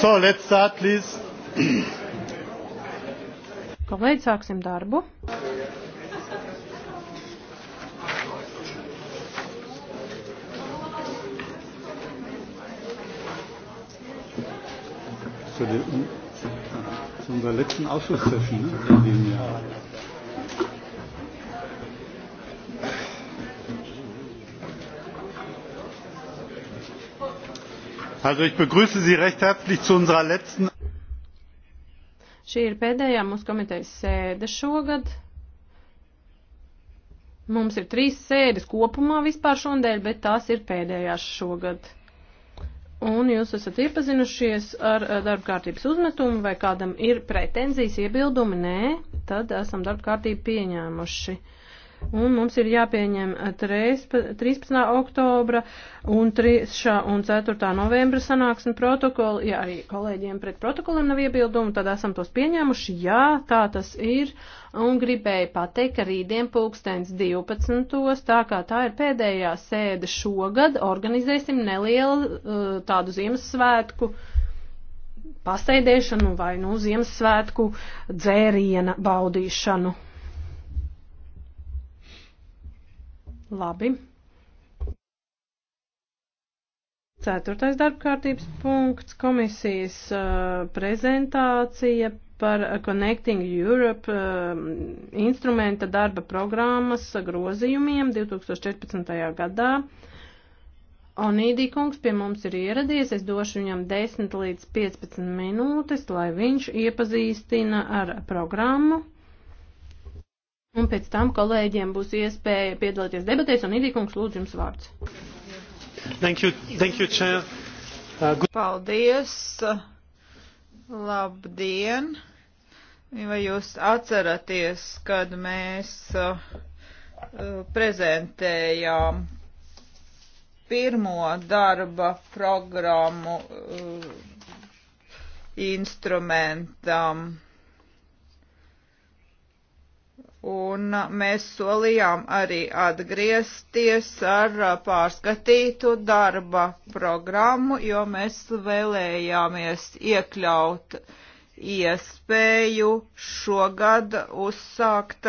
So, let's start, please. Kolēģi, sāksim darbu. Zu, den, zu unserer letzten Ausschusssession ne, in diesem Jahr. Also ich begrüße Sie recht herzlich zu unserer letzten. Šī ir pēdējā mūsu komitejas sēde šogad. Mums ir trīs sēdes kopumā vispār šodien, bet tās ir pēdējās šogad. Un jūs esat iepazinušies ar eh, darba kārtības uzmetumu, vai kādam ir pretenzijas, iebildumi? Nē, tad esam darba kārtību pieņēmuši un mums ir jāpieņem 13. Eh, oktobra un 3. un 4. novembra sanāksmi protokoli. Ja arī kolēģiem pret protokoliem nav iebildumu, tad esam tos pieņēmuši. Jā, tā tas ir. Un gribēju pateikt, ka rītdien pulkstens 12. tā kā tā ir pēdējā sēde šogad, organizēsim nelielu eh, tādu Ziemassvētku pasēdēšanu vai nu Ziemassvētku dzēriena baudīšanu. Labi. Ceturtais darbkārtības punkts - komisijas uh, prezentācija par Connecting Europe uh, instrumenta darba programmas grozījumiem 2014. gadā. Onīdī kungs pie mums ir ieradies, es došu viņam 10 līdz 15 minūtes, lai viņš iepazīstina ar programmu. Un pēc tam kolēģiem būs iespēja piedalīties debatēs, un Idīkungs lūdzu jums vārds. Thank you, thank you, chair. uh, good... Paldies! Labdien! Vai jūs atceraties, kad mēs uh, prezentējām pirmo darba programmu uh, instrumentam? Um, Un mēs solījām arī atgriezties ar pārskatītu darba programmu, jo mēs vēlējāmies iekļaut iespēju šogad uzsākt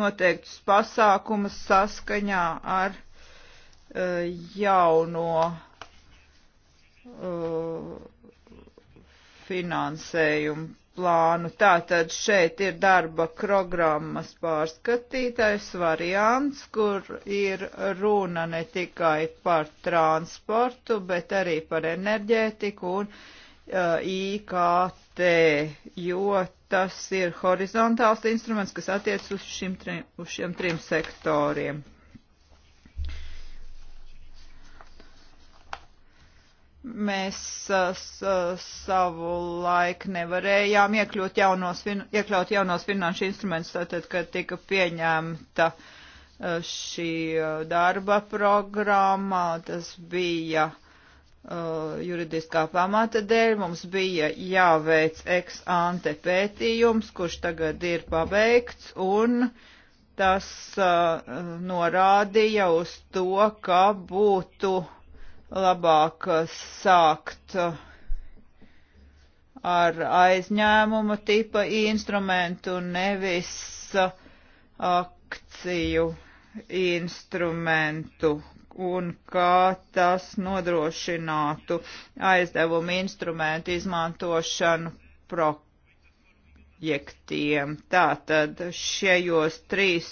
noteiktus pasākumus saskaņā ar uh, jauno uh, finansējumu plānu. Tātad šeit ir darba programmas pārskatītais variants, kur ir runa ne tikai par transportu, bet arī par enerģētiku un uh, IKT, jo tas ir horizontāls instruments, kas attiec uz, šim, uz šiem trim sektoriem. Mēs uh, uh, savu laiku nevarējām iekļūt jaunos, iekļaut jaunos finanšu instrumentus, tātad, kad tika pieņemta uh, šī darba programma, tas bija juridiskā pamata dēļ mums bija jāveic ex ante pētījums, kurš tagad ir pabeigts, un tas uh, norādīja uz to, ka būtu uh, labāk eh, sākt eh, ar aizņēmuma tipa instrumentu, nevis eh, akciju instrumentu un kā tas nodrošinātu aizdevumu instrumentu izmantošanu projektiem. Tātad šajos trīs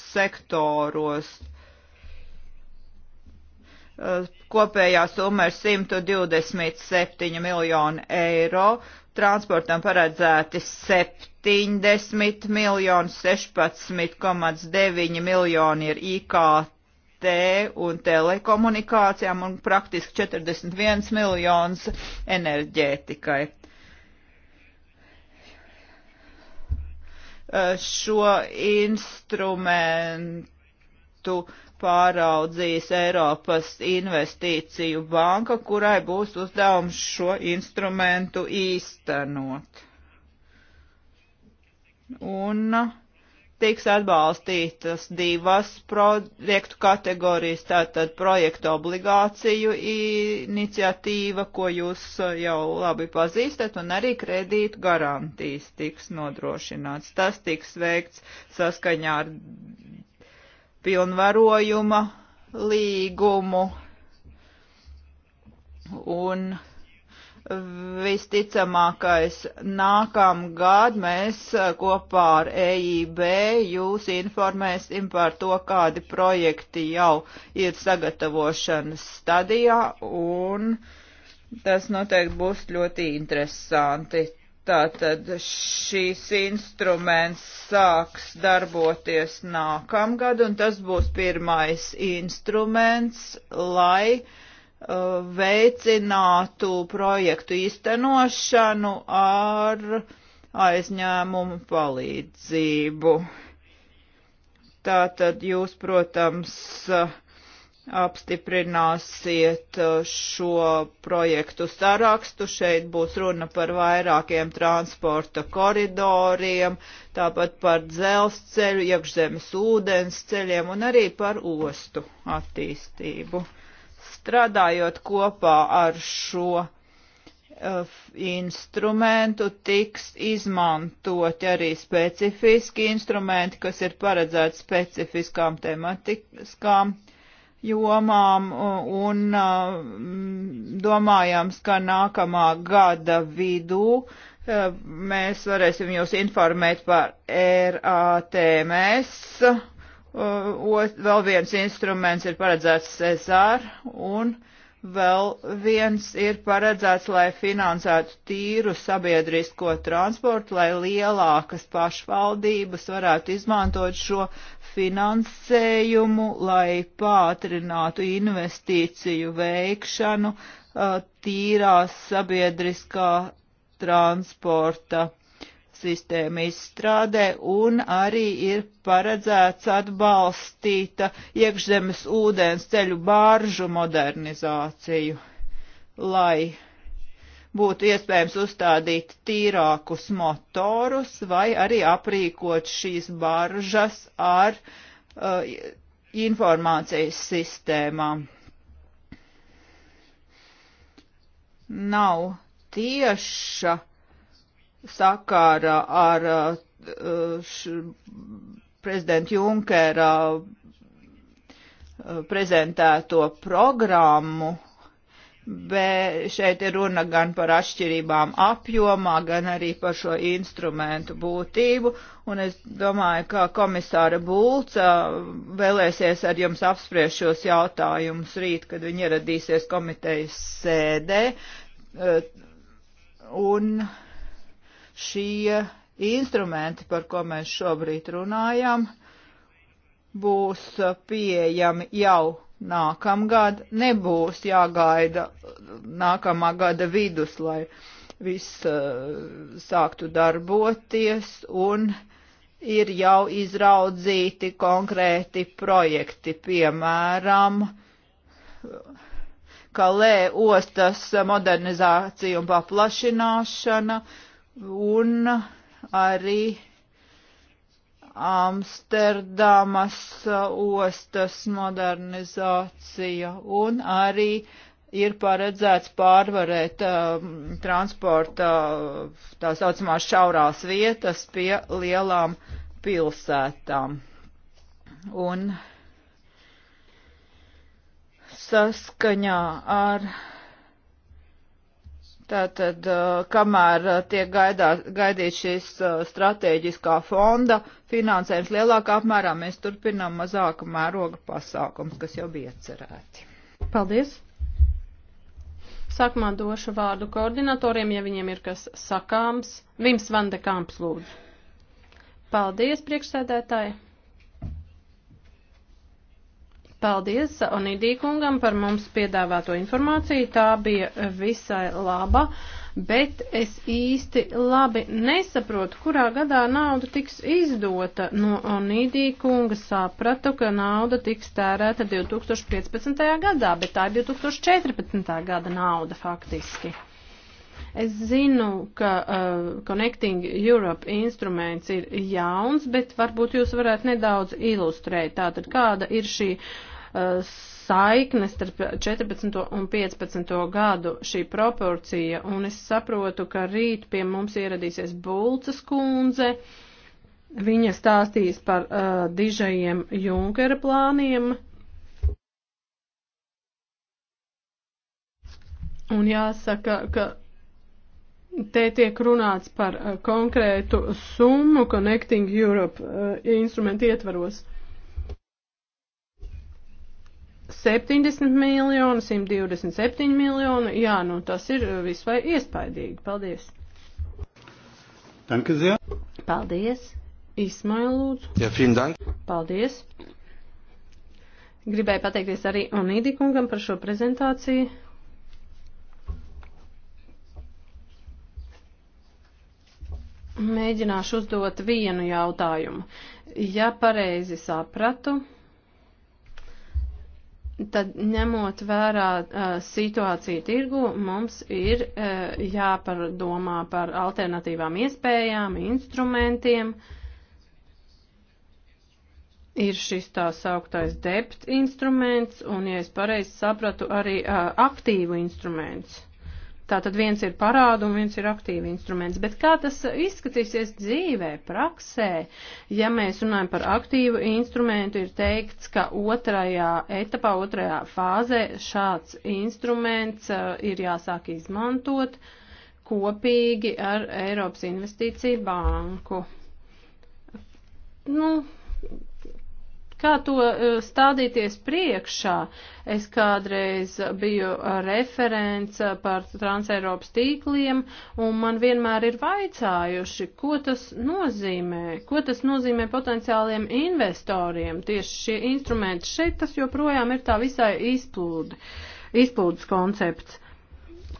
sektoros Eh, kopējā summa ir 127 miljoni eiro, transportam paredzēti 70 miljoni, 16,9 miljoni ir IKT un telekomunikācijām un praktiski 41 miljons enerģētikai. Eh, šo instrumentu uh, pāraudzīs Eiropas investīciju banka, kurai būs uzdevums šo instrumentu īstenot. Un tiks atbalstītas divas projektu kategorijas, tātad projektu obligāciju iniciatīva, ko jūs jau labi pazīstat, un arī kredītu garantijas tiks nodrošināts. Tas tiks veikts saskaņā ar pilnvarojuma līgumu un visticamākais nākamgad mēs kopā ar EIB jūs informēsim par to, kādi projekti jau ir sagatavošanas stadijā un tas noteikti būs ļoti interesanti. Tātad šīs instruments sāks darboties nākamgad, un tas būs pirmais instruments, lai uh, veicinātu projektu īstenošanu ar aizņēmumu palīdzību. Tātad jūs, protams, uh, apstiprināsiet uh, šo projektu sarakstu. Šeit būs runa par vairākiem transporta koridoriem, tāpat par dzelzceļu, iekšzemes ūdens ceļiem un arī par ostu attīstību. Strādājot kopā ar šo uh, instrumentu tiks izmantoti arī specifiski instrumenti, kas ir paredzēti specifiskām tematiskām uh, jomām un domājams, ka nākamā gada vidū mēs varēsim jūs informēt par RATMS. Vēl viens instruments ir paredzēts CSR un vēl viens ir paredzēts, lai finansētu tīru sabiedrisko transportu, lai lielākas pašvaldības varētu izmantot šo instrumentu finansējumu, lai pātrinātu investīciju veikšanu tīrās sabiedriskā transporta sistēma izstrādē un arī ir paredzēts atbalstīta iekšzemes ūdens ceļu bāržu modernizāciju, lai būtu iespējams uzstādīt tīrākus motorus vai arī aprīkot šīs baržas ar uh, informācijas sistēmām. Nav tieša sakāra ar uh, š, prezidenta Junkera uh, prezentēto programmu, bet šeit ir runa gan par atšķirībām apjomā, gan arī par šo instrumentu būtību, un es domāju, ka komisāra Bulca vēlēsies ar jums apspriest šos jautājumus rīt, kad viņi ieradīsies komitejas sēdē, eh, un šie instrumenti, par ko mēs šobrīd runājam, būs pieejami jau nākamgad nebūs jāgaida nākamā gada vidus, lai viss uh, sāktu darboties un ir jau izraudzīti konkrēti projekti, piemēram, Kalē ostas modernizācija un paplašināšana un arī uh, Amsterdamas uh, ostas modernizācija un arī ir paredzēts pārvarēt uh, transporta tā saucamās šaurās vietas pie lielām pilsētām. Un saskaņā ar Tātad, uh, kamēr uh, tiek gaidā, gaidīt šīs uh, strateģiskā fonda finansējums lielākā apmērā, mēs turpinām mazāka mēroga pasākums, kas jau bija cerēti. Paldies! Sākumā došu vārdu koordinatoriem, ja viņiem ir kas sakāms. Vims Vandekāms lūdzu. Paldies, priekšsēdētāji! Paldies Onidī kungam par mums piedāvāto informāciju. Tā bija visai laba, bet es īsti labi nesaprotu, kurā gadā nauda tiks izdota. No Onidī kunga sapratu, ka nauda tiks tērēta 2015. gadā, bet tā ir 2014. gada nauda faktiski. Es zinu, ka uh, Connecting Europe instruments ir jauns, bet varbūt jūs varētu nedaudz ilustrēt. Tātad, kāda ir šī Uh, saiknes starp 14. un 15. gadu šī proporcija, un es saprotu, ka rīt pie mums ieradīsies Bulcas kundze. Viņa stāstīs par uh, dižajiem Junkera plāniem, Un jāsaka, ka te tiek runāts par uh, konkrētu summu Connecting Europe uh, instrumentu ietvaros. 70 miljonu, 127 miljonu. Jā, nu tas ir eh, visvai iespaidīgi. Paldies. Danke sehr. Paldies. Ismail lūdzu. Jā, ja, vielen dank. Paldies. Gribēju pateikties arī Onīdi kungam par šo prezentāciju. Mēģināšu uzdot vienu jautājumu. Ja pareizi sapratu, tad ņemot vērā uh, situāciju tirgu, mums ir uh, jāpardomā par alternatīvām iespējām, instrumentiem. Ir šis tā sauktais dept instruments, un, ja es pareizi sapratu, arī uh, aktīvu instruments. Tātad viens ir parādu un viens ir aktīvi instruments. Bet kā tas izskatīsies dzīvē, praksē? Ja mēs runājam par aktīvu instrumentu, ir teikts, ka otrajā etapā, otrajā fāzē šāds instruments uh, ir jāsāk izmantot kopīgi ar Eiropas investīciju banku. Nu, kā to e, stādīties priekšā. Es kādreiz biju referents par transeiropas tīkliem, un man vienmēr ir vaicājuši, ko tas nozīmē, ko tas nozīmē potenciāliem investoriem. Tieši šie instrumenti šeit tas joprojām ir tā visai izplūdi, izplūdes koncepts.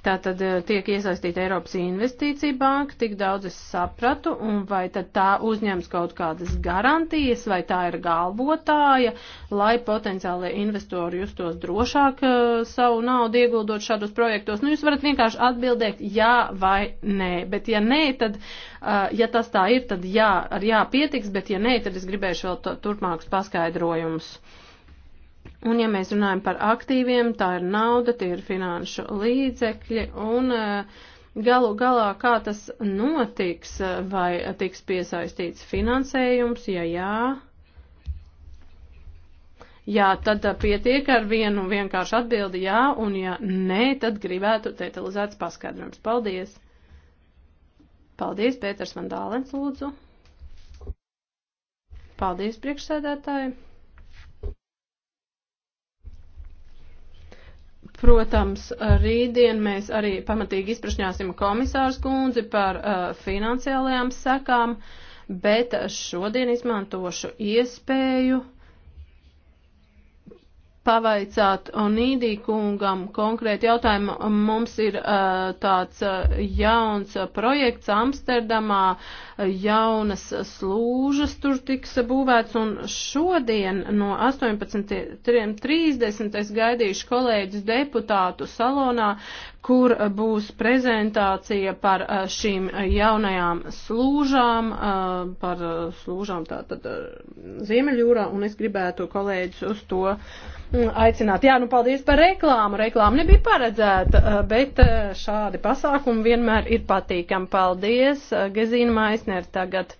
Tā tad eh, tiek iesaistīta Eiropas investīcija banka, tik daudz es sapratu, un vai tad tā uzņems kaut kādas garantijas, vai tā ir galvotāja, lai potenciālie investori justos drošāk eh, savu naudu ieguldot šādos projektos. Nu, jūs varat vienkārši atbildēt jā vai nē, bet ja nē, tad, eh, ja tas tā ir, tad jā, ar jā pietiks, bet ja nē, tad es gribēšu vēl turpmākus paskaidrojumus. Un ja mēs runājam par aktīviem, tā ir nauda, tie ir finanšu līdzekļi un eh, galu galā, kā tas notiks, eh, vai tiks piesaistīts finansējums, ja jā. Jā, tad eh, pietiek ar vienu vienkāršu atbildi jā, un ja nē, tad gribētu detalizēts paskaidrojums. Paldies! Paldies, Pēters Vandālens, lūdzu! Paldies, priekšsēdētāji! Protams, rītdien mēs arī pamatīgi izprašņāsim komisārs kundzi par uh, finansiālajām sekām, bet šodien izmantošu iespēju pavaicāt Onīdī kungam konkrēti jautājumu. Mums ir uh, tāds uh, jauns projekts Amsterdamā, jaunas slūžas tur tiks būvēts, un šodien no 18.30 es gaidīšu kolēģis deputātu salonā, kur eh, būs prezentācija par eh, šīm jaunajām slūžām, eh, par slūžām tātad Ziemeļjūrā, un es gribētu kolēģis uz to mm, aicināt. Jā, nu paldies par reklāmu, reklāma nebija paredzēta, bet šādi pasākumi vienmēr ir patīkami. Paldies, Gezīna Maisner tagad.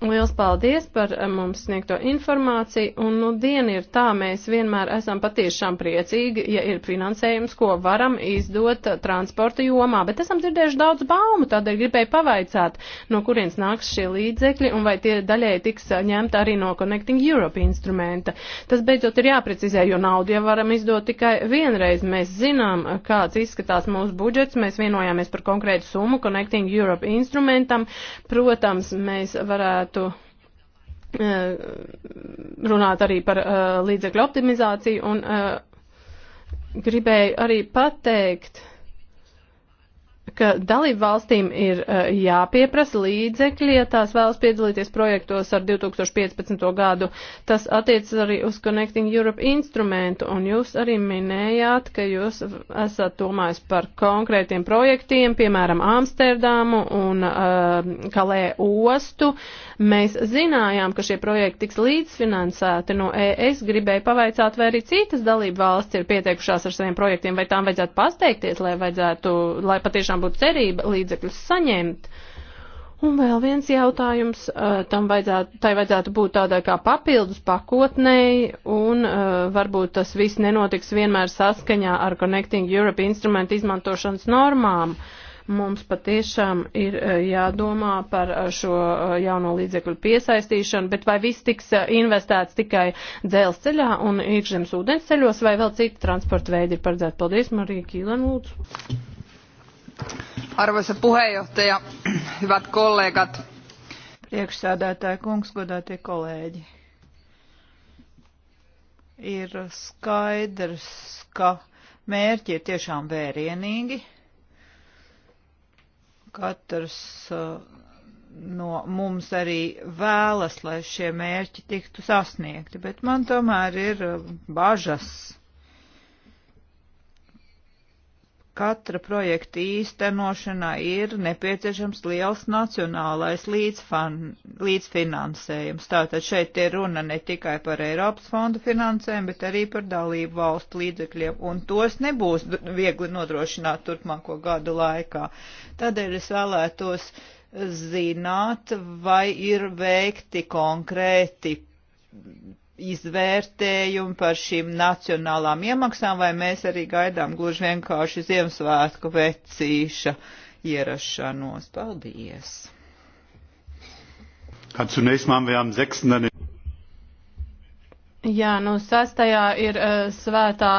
Liels paldies par eh, mums sniegto informāciju, un nu diena ir tā, mēs vienmēr esam patiešām priecīgi, ja ir finansējums, ko varam izdot eh, transporta jomā, bet esam dzirdējuši daudz baumu, tādēļ gribēju pavaicāt, no kurienes nāks šie līdzekļi un vai tie daļai tiks eh, ņemta arī no Connecting Europe instrumenta. Tas beidzot ir jāprecizē, jo naudu jau varam izdot tikai vienreiz. Mēs zinām, kāds izskatās mūsu budžets, mēs vienojāmies par konkrētu summu Connecting Europe instrumentam. Protams, mēs varētu varētu eh, runāt arī par eh, līdzekļu optimizāciju un eh, gribēju arī pateikt, ka dalību valstīm ir jāpieprasa līdzekļi, ja tās vēlas piedalīties projektos ar 2015. gadu. Tas attiecas arī uz Connecting Europe instrumentu, un jūs arī minējāt, ka jūs esat domājis par konkrētiem projektiem, piemēram, Amsterdamu un uh, Kalē ostu. Uh, Mēs zinājām, ka šie projekti tiks līdzfinansēti no ES. Gribēju pavaicāt, vai arī citas dalību valsts ir pieteikušās ar saviem projektiem, vai tām vajadzētu pasteikties, lai, vajadzētu, lai patiešām būtu cerība līdzekļus saņemt. Un vēl viens jautājums, uh, tam vajadzētu, tai vajadzētu būt tādai kā papildus pakotnei, un uh, varbūt tas viss nenotiks vienmēr saskaņā ar Connecting Europe instrumentu izmantošanas normām. Uh, Mums patiešām ir e, jādomā par e, šo e, jauno līdzekļu piesaistīšanu, bet vai viss tiks investēts tikai dzelzceļā un iekšzemes ūdensceļos, vai vēl citi transporta veidi ir paredzēti? Paldies, Marija Kīlen, lūdzu. Arvoisa puheenjohtaja, hyvät kollegat. Priekšsēdētāji kungs, godātie kolēģi ir skaidrs, ka mērķi ir tiešām vērienīgi, Katrs uh, no mums arī vēlas, lai šie mērķi tiktu sasniegti, bet man tomēr ir uh, bažas katra projekta īstenošanā ir nepieciešams liels nacionālais līdzfan, līdzfinansējums. Tātad šeit ir runa ne tikai par Eiropas fondu finansēm, bet arī par dalību valstu līdzekļiem, un tos nebūs viegli nodrošināt turpmāko gadu laikā. Tādēļ es vēlētos zināt, vai ir veikti konkrēti izvērtējumu par šīm nacionālām iemaksām, vai mēs arī gaidām gluži vienkārši Ziemassvētku vecīša ierašanos. Paldies! Jā, nu sastajā ir uh, svētā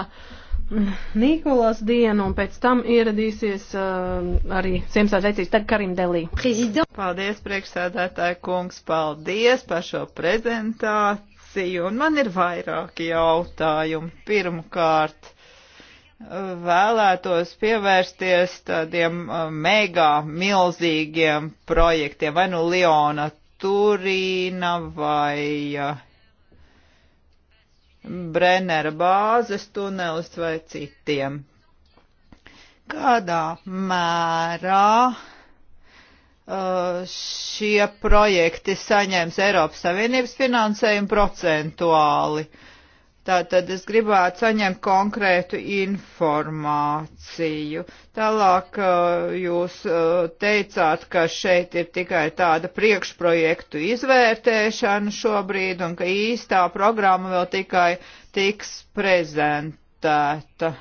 mm, Nikolas diena, un pēc tam ieradīsies uh, arī Siemsās vecīs tagad Karim Delī. Paldies, priekšsēdētāji kungs, paldies par šo prezentāciju komisiju, un man ir vairāki jautājumi. Pirmkārt, vēlētos pievērsties tādiem uh, mega milzīgiem projektiem, vai nu Liona Turīna vai uh, Brennera bāzes tunelis vai citiem. Kādā mērā uh, Uh, šie projekti saņems Eiropas Savienības finansējumu procentuāli. Tātad es gribētu saņemt konkrētu informāciju. Tālāk uh, jūs uh, teicāt, ka šeit ir tikai tāda priekšprojektu izvērtēšana šobrīd un ka īstā programma vēl tikai tiks prezentēta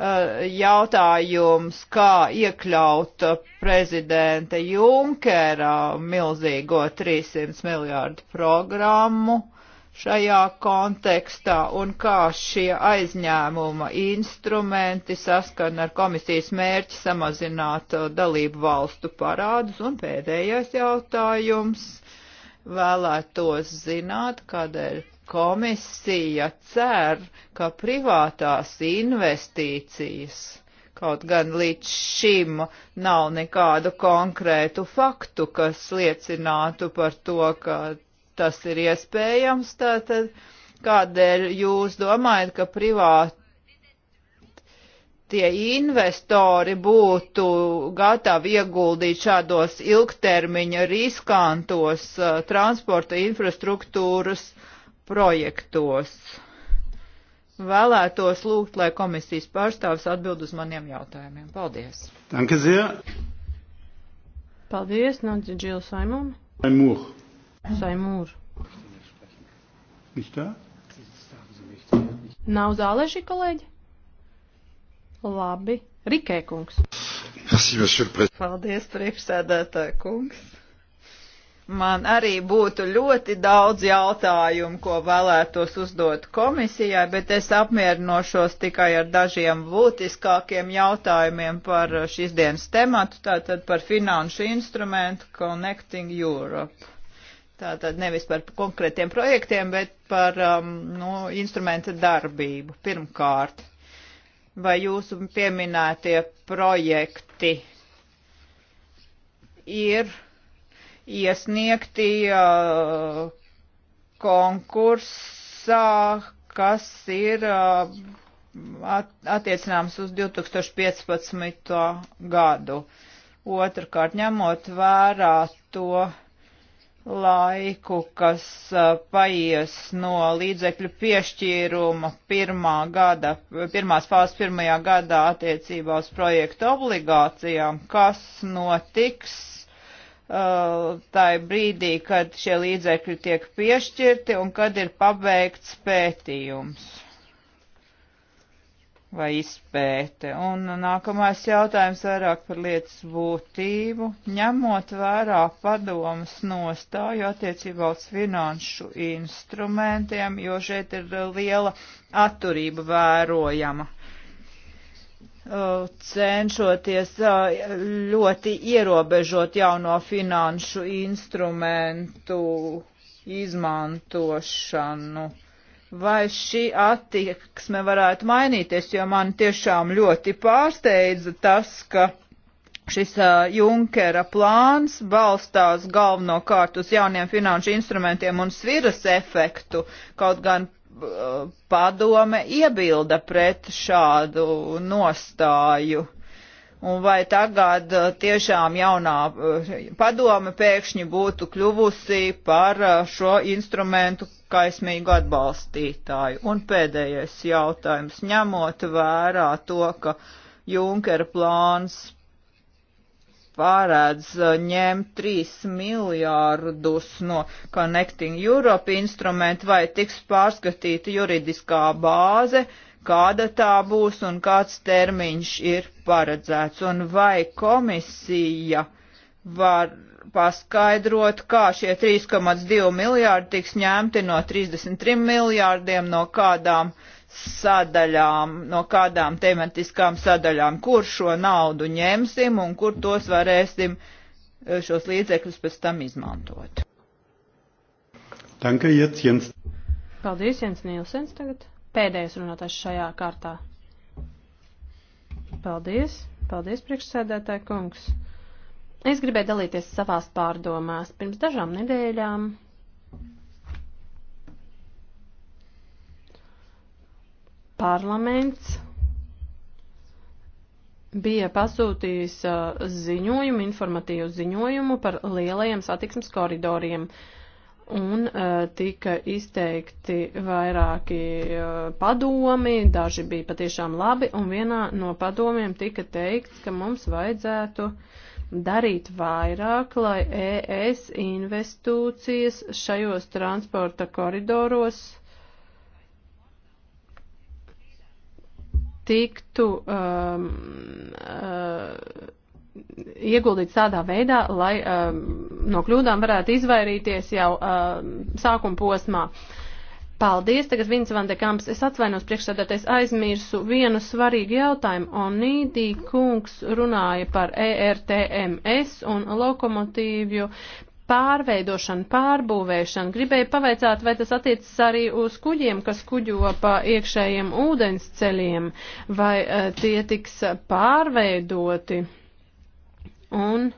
jautājums, kā iekļaut prezidenta Junkera milzīgo 300 miljārdu programmu šajā kontekstā un kā šie aizņēmuma instrumenti saskana ar komisijas mērķi samazināt uh, dalību valstu parādus. Un pēdējais jautājums vēlētos zināt, kādēļ komisija cer, ka privātās investīcijas, kaut gan līdz šim nav nekādu konkrētu faktu, kas liecinātu par to, ka tas ir iespējams, tātad kādēļ jūs domājat, ka privāti tie investori būtu gatavi ieguldīt šādos ilgtermiņa riskantos uh, transporta infrastruktūras uh, projektos. Vēlētos lūgt, lai komisijas pārstāvis atbild uz maniem jautājumiem. Paldies! Danke sehr! Paldies, Nodzi Džil Saimon. Saimur. Saimur. Viņš tā? Nav zālē šī kolēģi? Labi. Rikē kungs. Paldies, priekšsēdētāja kungs. Man arī būtu ļoti daudz jautājumu, ko vēlētos uzdot komisijai, bet es apmierinošos tikai ar dažiem būtiskākiem jautājumiem par šīs dienas tematu, tātad par finanšu instrumentu Connecting Europe. Tātad nevis par konkrētiem projektiem, bet par um, nu, instrumenta darbību. Pirmkārt, vai jūsu pieminētie projekti ir iesniegti uh, konkursā, kas ir uh, at, attiecināms uz 2015. gadu. Otrakārt, ņemot vērā to laiku, kas uh, paies no līdzekļu piešķīruma pirmā gada, pirmās fāzes pirmajā gadā attiecībā uz projektu obligācijām, kas notiks Uh, tai brīdī, kad šie līdzekļi tiek piešķirti un kad ir pabeigts pētījums vai izpēte. Un nākamais jautājums vairāk par lietas būtību, ņemot vērā padomas nostāju attiecībā uz finanšu instrumentiem, jo šeit ir liela atturība vērojama. Uh, cenšoties uh, ļoti ierobežot jauno finanšu instrumentu izmantošanu. Vai šī attieksme varētu mainīties, jo man tiešām ļoti pārsteidza tas, ka šis uh, Junkera plāns balstās galvenokārt uz jauniem finanšu instrumentiem un sviras efektu, kaut gan padome iebilda pret šādu nostāju. Un vai tagad uh, tiešām jaunā uh, padome pēkšņi būtu kļuvusi par uh, šo instrumentu kaismīgu atbalstītāju? Un pēdējais jautājums, ņemot vērā to, ka Junkera plāns pārēdz uh, ņemt 3 miljārdus no Connecting Europe instrumentu vai tiks pārskatīta juridiskā bāze, kāda tā būs un kāds termiņš ir paredzēts un vai komisija var paskaidrot, kā šie 3,2 miljārdi tiks ņemti no 33 miljārdiem no kādām uh, sadaļām, no kādām tematiskām sadaļām, kur šo naudu ņemsim un kur tos varēsim eh, šos līdzekļus pēc tam izmantot. Danke, jetzt Jens. Paldies, Jens Nielsens tagad. Pēdējais runātājs šajā kārtā. Paldies, paldies, priekšsēdētāji kungs. Es gribēju dalīties savās pārdomās. Pirms dažām nedēļām parlaments bija pasūtījis uh, ziņojumu, informatīvu ziņojumu par lielajiem satiksmes koridoriem. Un uh, tika izteikti vairāki uh, padomi, daži bija patiešām labi, un vienā no padomiem tika teikts, ka mums vajadzētu uh, darīt vairāk, lai ES investūcijas šajos transporta koridoros tiktu um, uh, ieguldīts tādā veidā, lai um, no kļūdām varētu izvairīties jau um, sākuma posmā. Paldies, tagad Vins Vandekams, es atvainos priekšsēdētais aizmirsu vienu svarīgu jautājumu, un Nīdī kungs runāja par ERTMS un lokomotīvju pārveidošana, pārbūvēšana. Gribēju pavaicāt, vai tas attiecas arī uz kuģiem, kas kuģo pa iekšējiem ūdens ceļiem, vai uh, tie tiks pārveidoti. Un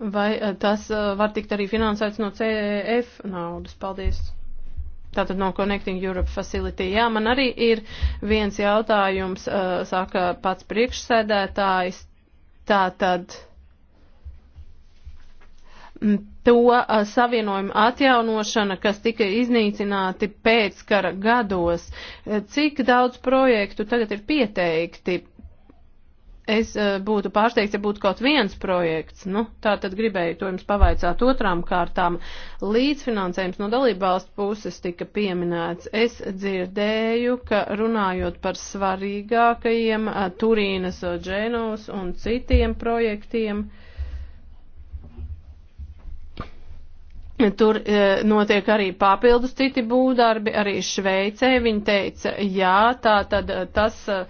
vai uh, tas uh, var tikt arī finansēts no CEF naudas? Paldies! Tātad no Connecting Europe Facility. Jā, man arī ir viens jautājums, uh, saka pats priekšsēdētājs. Tātad to a, savienojumu atjaunošana, kas tika iznīcināti pēckara gados. E, cik daudz projektu tagad ir pieteikti? Es a, e, būtu pārsteigts, ja būtu kaut viens projekts. Nu, tā tad gribēju to jums pavaicāt otrām kārtām. Līdzfinansējums no dalībvalstu puses tika pieminēts. Es dzirdēju, ka runājot par svarīgākajiem a, e, Turīnas, Dženovas un citiem projektiem, uh, Tur e, notiek arī papildus citi būvdarbi, arī Šveicē. Viņa teica, jā, tā tad e, tas. E,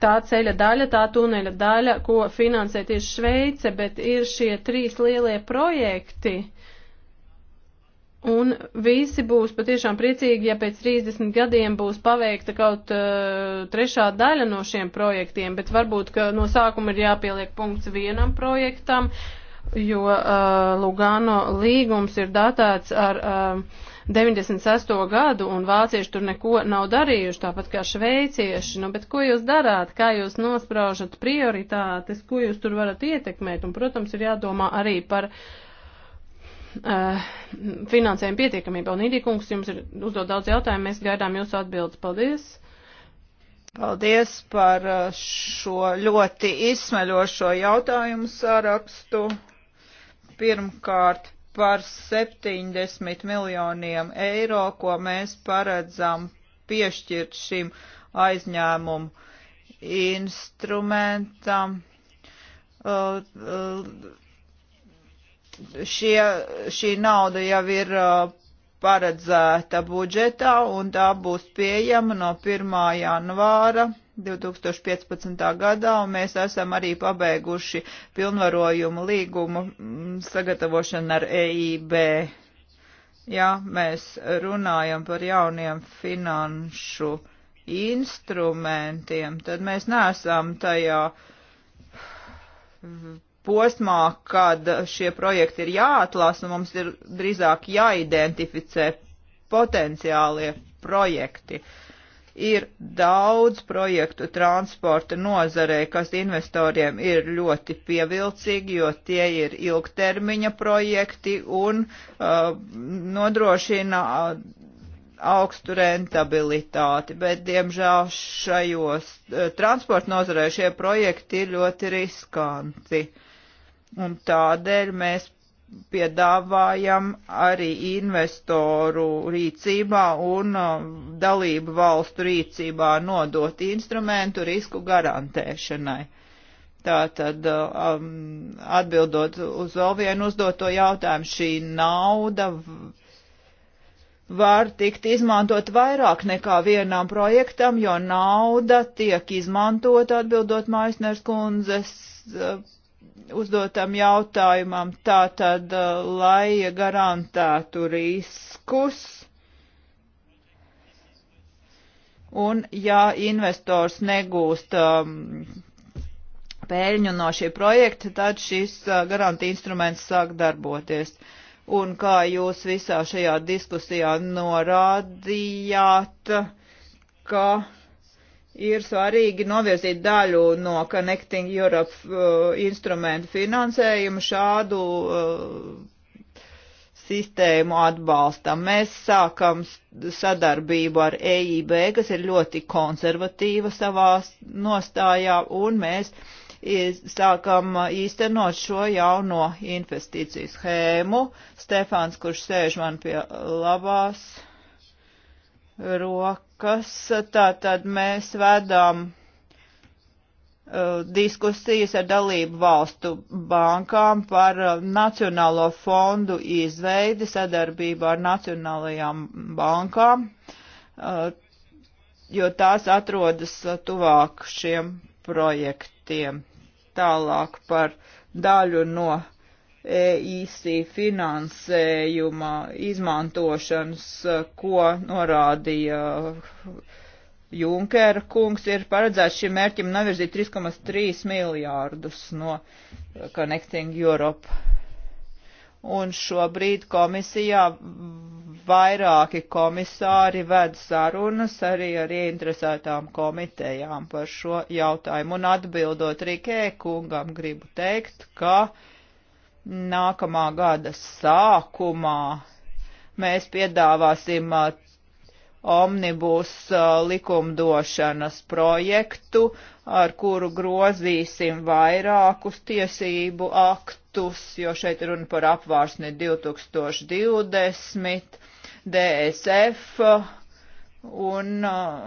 tā ceļa daļa, tā tuneļa daļa, ko finansē tieši Šveice, bet ir šie trīs lielie projekti. Un visi būs patiešām priecīgi, ja pēc 30 gadiem būs paveikta kaut uh, trešā daļa no šiem projektiem, bet varbūt, ka no sākuma ir jāpieliek punkts vienam projektam, uh, jo uh, Lugano līgums ir datēts ar uh, 96. gadu, un vācieši tur neko nav darījuši, tāpat kā šveicieši. Nu, bet ko jūs darāt, kā jūs nospraužat prioritātes, ko jūs tur varat ietekmēt, un, protams, ir jādomā arī par uh, finansējumu pietiekamību. Un, Idīkungs, jums ir uzdod daudz jautājumu, mēs gaidām jūsu atbildes. Paldies! Paldies par uh, šo ļoti izsmeļošo jautājumu sārakstu. Pirmkārt, par 70 miljoniem eiro, ko mēs paredzam piešķirt šim aizņēmumu instrumentam. Uh, uh, šie, šī nauda jau ir uh, paredzēta budžetā un tā būs pieejama no 1. janvāra 2015. gadā, un mēs esam arī pabeiguši pilnvarojumu līgumu mm, sagatavošanu ar EIB. Ja mēs runājam par jauniem finanšu instrumentiem, tad mēs neesam tajā posmā, kad šie projekti ir jāatlasa, mums ir drīzāk jāidentificē potenciālie projekti. Uh, ir daudz projektu transporta nozarē, kas investoriem ir ļoti pievilcīgi, jo tie ir ilgtermiņa projekti un uh, nodrošina uh, augstu rentabilitāti, bet, diemžēl, šajos uh, transporta nozarē šie projekti ir ļoti riskanti. Un tādēļ mēs piedāvājam arī investoru rīcībā un uh, dalību valstu rīcībā nodot instrumentu risku garantēšanai. Tātad, uh, um, atbildot uz vēl vienu uzdoto jautājumu, šī nauda var tikt izmantot vairāk nekā vienam projektam, jo nauda tiek izmantot atbildot Maisners kundzes uh, uzdotam jautājumam tātad, uh, lai garantētu riskus. Un ja investors negūst um, pēļņu no šī projekta, tad šis uh, garantija instruments sāk darboties. Un kā jūs visā šajā diskusijā norādījāt, ka uh, ir svarīgi novirzīt daļu no Connecting Europe uh, instrumentu finansējumu šādu uh, sistēmu atbalstam. Mēs sākam sadarbību ar EIB, kas ir ļoti konservatīva savā nostājā, un mēs sākam uh, īstenot šo jauno investīciju schēmu. Stefāns, kurš sēž man pie labās rokas kas tātad mēs vedām uh, diskusijas ar dalību valstu bankām par uh, Nacionālo fondu izveidi sadarbībā ar Nacionālajām bankām, uh, jo tās atrodas tuvāk šiem projektiem. Tālāk par daļu no īsi e finansējuma izmantošanas, e, ko norādīja Junkera kungs, ir paredzēts šim mērķim novirzīt 3,3 miljārdus no e, Connecting Europe un šobrīd komisijā vairāki komisāri ved sarunas arī ar ieinteresētām komitejām par šo jautājumu. Un atbildot Rikē kungam, gribu teikt, ka uh, nākamā gada sākumā mēs piedāvāsim uh, omnibus uh, likumdošanas projektu, ar kuru grozīsim vairākus tiesību aktus, jo šeit runa par apvārsni 2020, DSF un uh,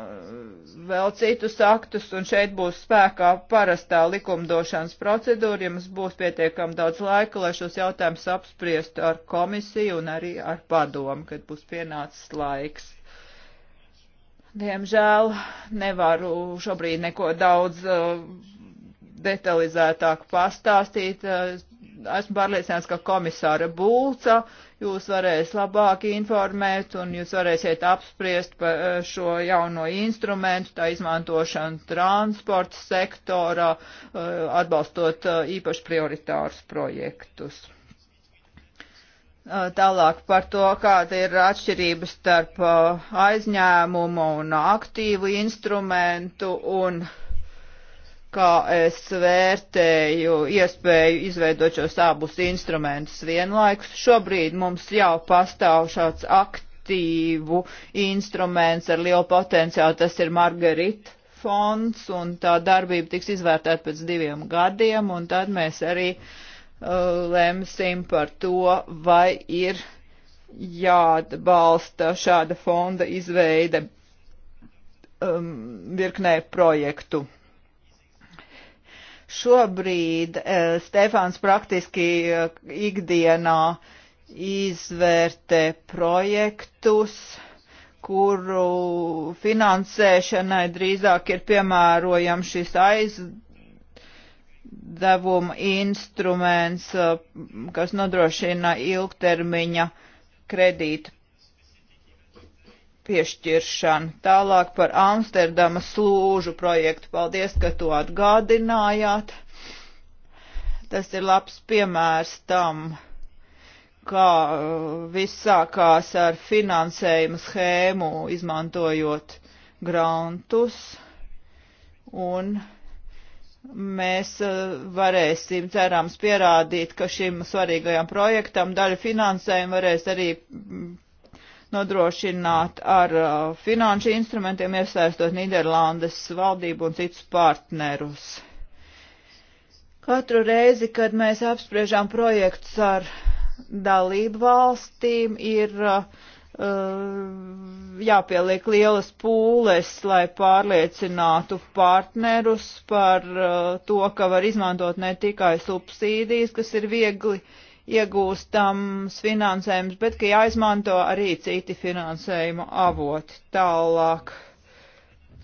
vēl citus aktus, un šeit būs spēkā parastā likumdošanas procedūra, ja mums būs pietiekam daudz laika, lai šos jautājumus apspriestu ar komisiju un arī ar padomu, kad būs pienācis laiks. Diemžēl nevaru šobrīd neko daudz uh, detalizētāk pastāstīt. Uh, esmu pārliecināts, ka komisāra Bulca jūs varēs labāk informēt un jūs varēsiet apspriest eh, šo jauno instrumentu, tā izmantošanu transporta sektorā, eh, atbalstot eh, īpaši prioritārus projektus. Tālāk par to, kāda ir atšķirība starp aizņēmumu un aktīvu instrumentu un uh, kā es vērtēju iespēju izveidot šos abus instrumentus vienlaikus. Šobrīd mums jau pastāv šāds aktīvu instruments ar lielu potenciālu, tas ir Margarita fonds, un tā darbība tiks izvērtēta pēc diviem gadiem, un tad mēs arī uh, lemsim par to, vai ir jāatbalsta šāda fonda izveide um, virknē projektu. Šobrīd eh, Stefāns praktiski eh, ikdienā izvērtē projektus, kuru finansēšanai drīzāk ir piemērojams šis aizdevuma instruments, eh, kas nodrošina ilgtermiņa kredītu piešķiršanu. Tālāk par Amsterdamas slūžu projektu. Paldies, ka to atgādinājāt. Tas ir labs piemērs tam, kā uh, viss sākās ar finansējumu schēmu, izmantojot grantus. Un mēs uh, varēsim, cerams, pierādīt, ka šim svarīgajam projektam daļu finansējumu varēs arī mm, nodrošināt ar uh, finanšu instrumentiem, iesaistot Nīderlandes valdību un citus partnerus. Katru reizi, kad mēs apspriežām projekts ar dalību valstīm, ir uh, uh, jāpieliek lielas pūles, lai pārliecinātu partnerus par uh, to, ka var izmantot ne tikai subsīdijas, kas ir viegli uh, iegūstams finansējums, bet ka jāizmanto arī citi finansējuma avoti tālāk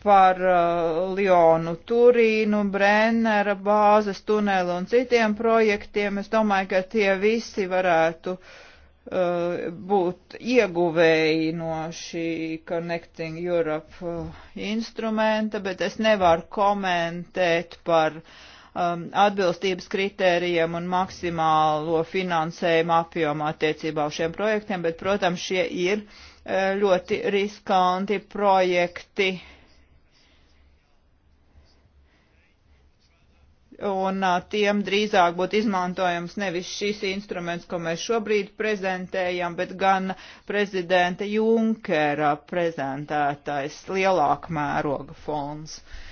par uh, Lionu, Turīnu, Brennera bāzes tunelu un citiem projektiem. Es domāju, ka tie visi varētu uh, būt ieguvēji no šī Connecting Europe uh, instrumenta, bet es nevaru komentēt par uh, um, atbilstības kritērijiem un maksimālo finansējumu apjomu attiecībā uz šiem projektiem, bet, protams, šie ir uh, ļoti riskanti projekti. Un a, uh, tiem drīzāk būtu izmantojams nevis šis instruments, ko mēs šobrīd prezentējam, bet gan prezidenta Junkera prezentētais lielāka mēroga fonds. Uh,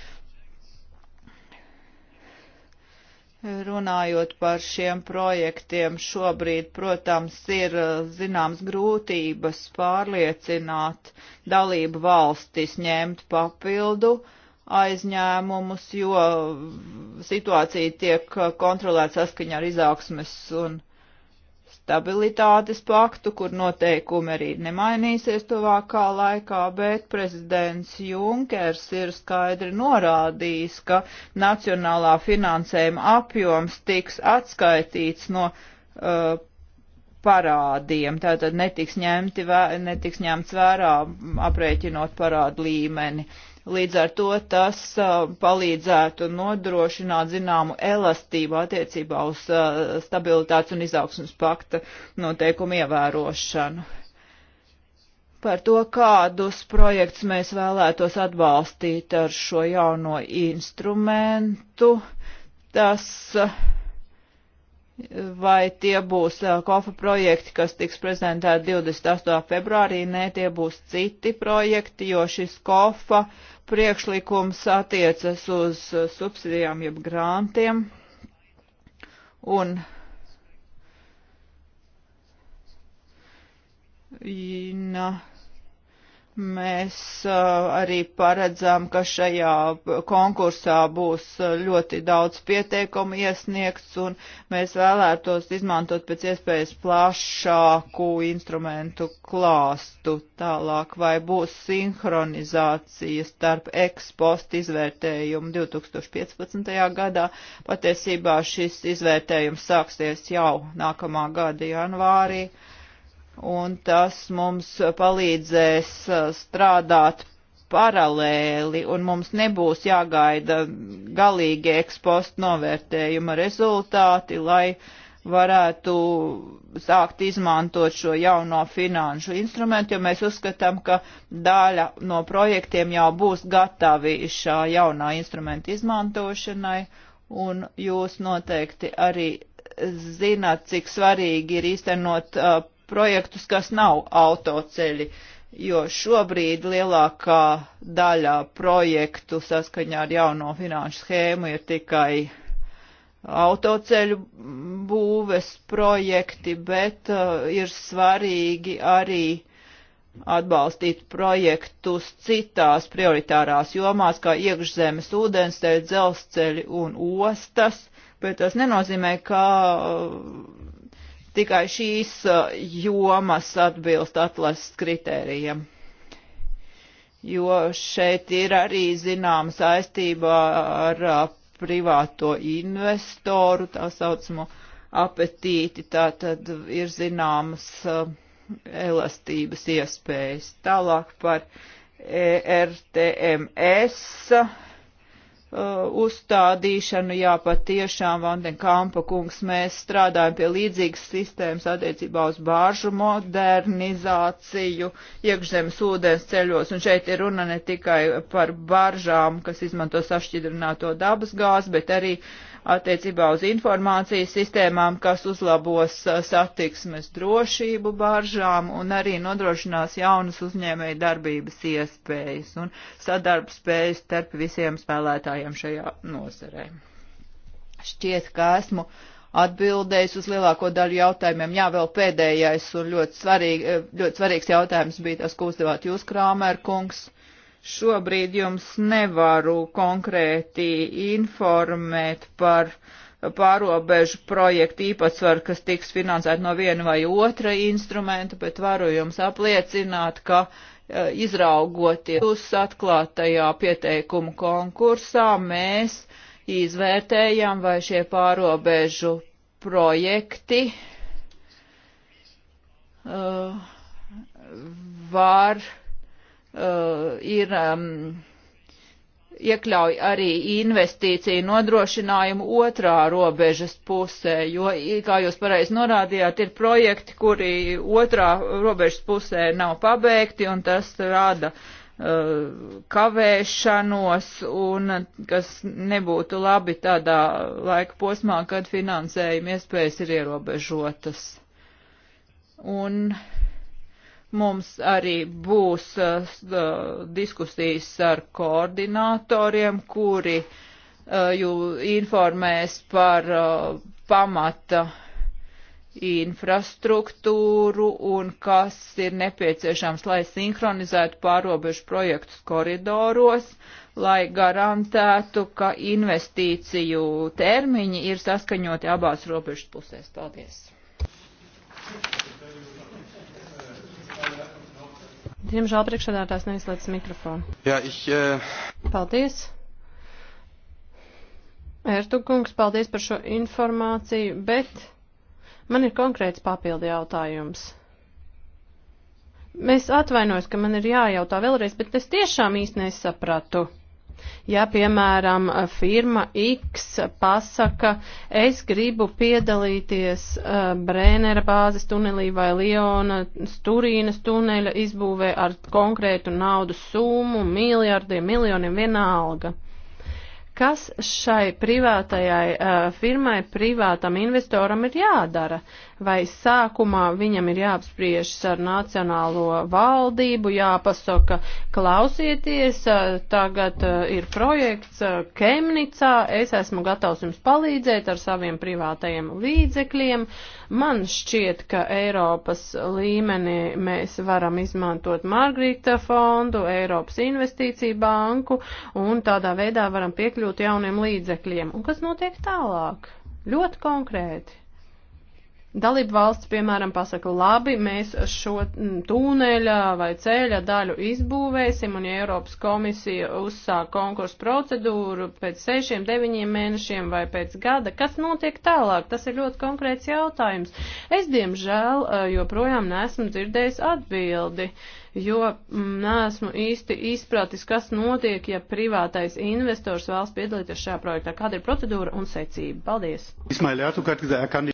Runājot par šiem projektiem, šobrīd, protams, ir eh, zināms grūtības pārliecināt dalību valstis ņemt papildu aizņēmumus, jo situācija tiek eh, kontrolēta saskaņā ar izaugsmes un stabilitātes paktu, kur noteikumi arī nemainīsies tuvākā laikā, bet prezidents Junkers ir skaidri norādījis, ka nacionālā finansējuma apjoms tiks atskaitīts no uh, parādiem, tātad netiks, ņemti, vē, netiks ņemts vērā aprēķinot parādu līmeni. Uh, Līdz ar to tas palīdzētu nodrošināt zināmu elastību attiecībā uz stabilitātes un izaugsmas pakta noteikumu ievērošanu. Par to, kādus projekts mēs vēlētos atbalstīt ar šo jauno instrumentu, tas uh, Vai tie būs kofa projekti, kas tiks prezentēti 28. februārī? Nē, tie būs citi projekti, jo šis kofa priekšlikums attiecas uz subsidijām jeb grāntiem. Un Jina. No Mēs uh, arī paredzam, ka šajā konkursā būs uh, ļoti daudz pieteikumu iesniegts, un mēs vēlētos izmantot pēc iespējas plašāku instrumentu klāstu tālāk, vai būs sinhronizācija starp ekspostu izvērtējumu 2015. gadā. Patiesībā šis izvērtējums sāksies jau nākamā gada janvārī. Uh, un tas mums palīdzēs uh, strādāt paralēli, un mums nebūs jāgaida galīgi ekspostu novērtējuma rezultāti, lai varētu sākt izmantot šo jauno finanšu instrumentu, jo mēs uzskatām, ka daļa no projektiem jau būs gatavi šā jaunā instrumenta izmantošanai, un jūs noteikti arī zināt, cik svarīgi ir īstenot uh, projektus, kas nav autoceļi, jo šobrīd lielākā daļa projektu saskaņā ar jauno finanšu schēmu ir tikai autoceļu būves projekti, bet uh, ir svarīgi arī atbalstīt projektus citās prioritārās jomās, kā iekšzemes ūdensteļi, dzelzceļi un ostas, bet tas nenozīmē, ka uh, tikai šīs uh, jomas atbilst atlases kritērijiem. Jo šeit ir arī zināma saistība ar uh, privāto investoru, tā saucamo apetīti, tā tad ir zināmas uh, elastības iespējas. Tālāk par ERTMS Uh, uzstādīšanu, jā, patiešām, Vandenkampa kungs, mēs strādājam pie līdzīgas sistēmas attiecībā uz bāržu modernizāciju iekšzemes ūdens ceļos, un šeit ir runa ne tikai par bāržām, kas izmanto sašķidrināto dabas gāzi, bet arī attiecībā uz informācijas sistēmām, kas uzlabos uh, satiksmes drošību bāržām un arī nodrošinās jaunas uzņēmēju darbības iespējas un sadarbspējas starp visiem spēlētājiem strādājam šajā nozarē. Šķiet, ka esmu atbildējis uz lielāko daļu jautājumiem. Jā, vēl pēdējais un ļoti, svarīgi, eh, ļoti svarīgs jautājums bija tas, ko uzdevāt jūs, Krāmerkungs. Šobrīd jums nevaru konkrēti informēt par pārobežu projektu īpatsvaru, kas tiks finansēt no viena vai otra instrumenta, bet varu jums apliecināt, ka Eh, izraugoties uz atklātajā pieteikumu konkursā, mēs izvērtējam, vai šie pārobežu projekti uh, var, uh, ir um, iekļauj arī investīciju nodrošinājumu otrā robežas pusē, jo, kā jūs pareizi norādījāt, ir projekti, kuri otrā robežas pusē nav pabeigti, un tas rada uh, kavēšanos, un kas nebūtu labi tādā laika posmā, kad finansējuma iespējas ir ierobežotas. Un uh, Mums arī būs uh, diskusijas ar koordinatoriem, kuri uh, jū informēs par uh, pamata infrastruktūru un kas ir nepieciešams, lai sinhronizētu pārobežu projektus koridoros, lai garantētu, ka investīciju termiņi ir saskaņoti abās robežas pusēs. Paldies! Thank you. Diemžēl priekšsēdētājs neizslēdz mikrofonu. Jā, ich, uh... Paldies. Ertugungs, paldies par šo informāciju, bet man ir konkrēts papildi jautājums. Mēs atvainojos, ka man ir jājautā vēlreiz, bet es tiešām īsti nesapratu. Ja, piemēram, firma X pasaka, es gribu piedalīties uh, eh, Brēnera bāzes tunelī vai Liona Turīnas tuneļa izbūvē ar konkrētu naudas summu, miljardiem, miljoniem vienalga. Kas šai privātajai uh, firmai, privātam investoram ir jādara? Vai sākumā viņam ir jāapspriežas ar nacionālo valdību, jāpasaka, klausieties, uh, tagad uh, ir projekts uh, Kemnicā, es esmu gatavs jums palīdzēt ar saviem privātajiem līdzekļiem. Man šķiet, ka Eiropas līmenī mēs varam izmantot Margrita fondu, Eiropas investīciju banku un tādā veidā varam piekļūt piekļūt jauniem līdzekļiem. Un kas notiek tālāk? Ļoti konkrēti. Dalība valsts, piemēram, pasaka, labi, mēs šo mm, tūneļa vai ceļa daļu izbūvēsim, un ja Eiropas komisija uzsāk konkursu procedūru pēc sešiem, deviņiem mēnešiem vai pēc gada, kas notiek tālāk? Tas ir ļoti konkrēts jautājums. Es, diemžēl, eh, joprojām neesmu dzirdējis atbildi, jo mm, neesmu īsti izpratis, kas notiek, ja privātais investors vēlas piedalīties šajā projektā. Kāda ir procedūra un secība? Paldies! Ismail, jā, tu,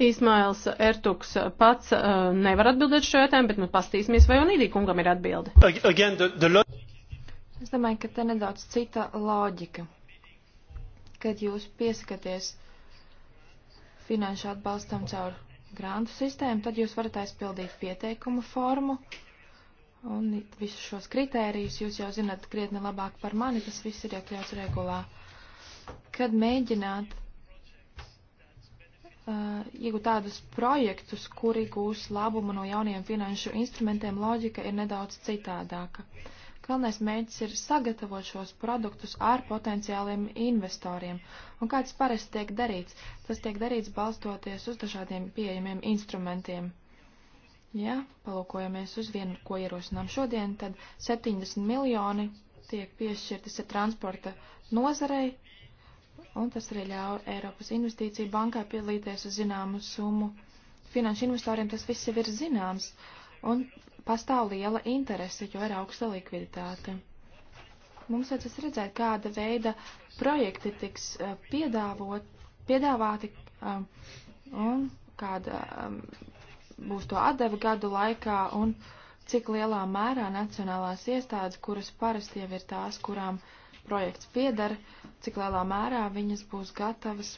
Ismails Ertuks pats uh, nevar atbildēt šo jautājumu, bet nu pastīsimies, vai Onīdī kungam ir atbildi. Again, the, the es domāju, ka te nedaudz cita loģika. Kad jūs piesakaties finanšu atbalstam caur grantu sistēmu, tad jūs varat aizpildīt pieteikumu formu. Un visus šos kritērijus jūs jau zināt krietni labāk par mani, tas viss ir iekļauts regulā. Kad mēģināt Eh, iegūt tādus projektus, kuri gūs labumu no jauniem finanšu instrumentiem, loģika ir nedaudz citādāka. Galvenais mērķis ir sagatavot šos produktus ar potenciāliem investoriem. Un kā tas parasti tiek darīts? Tas tiek darīts balstoties uz dažādiem pieejamiem instrumentiem. Ja palūkojamies uz vienu, ko ierosinām šodien, tad 70 miljoni tiek piešķirtas transporta nozarei, un tas arī ļauj Eiropas investīciju bankai piedalīties uz zināmu summu. Finanšu investoriem tas viss jau ir zināms, un pastāv liela interese, jo ir augsta likviditāte. Mums vajadzēs redzēt, kāda veida projekti tiks piedāvot, piedāvāti um, un kāda um, būs to atdeva gadu laikā un cik lielā mērā nacionālās iestādes, kuras parasti jau ir tās, kurām uh, projekts piedara, cik lielā mērā viņas būs gatavas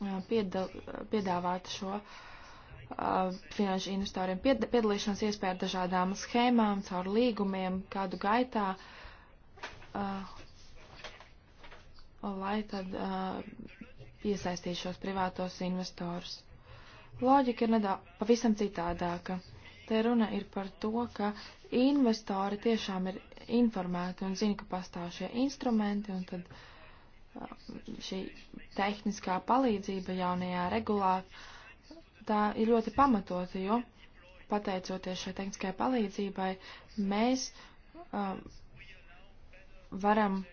uh, piedal, piedāvāt šo uh, finanšu investoriem pied, piedalīšanos iespēju ar dažādām schēmām, caur līgumiem, kādu gaitā, uh, lai tad uh, iesaistītu šos privātos investorus. Loģika ir nedaudz pavisam citādāka. Te runa ir par to, ka investori tiešām ir informēti un zina, ka pastāv šie instrumenti, un tad um, šī tehniskā palīdzība jaunajā regulā tā ir ļoti pamatota, jo pateicoties šai tehniskajai palīdzībai, mēs um, varam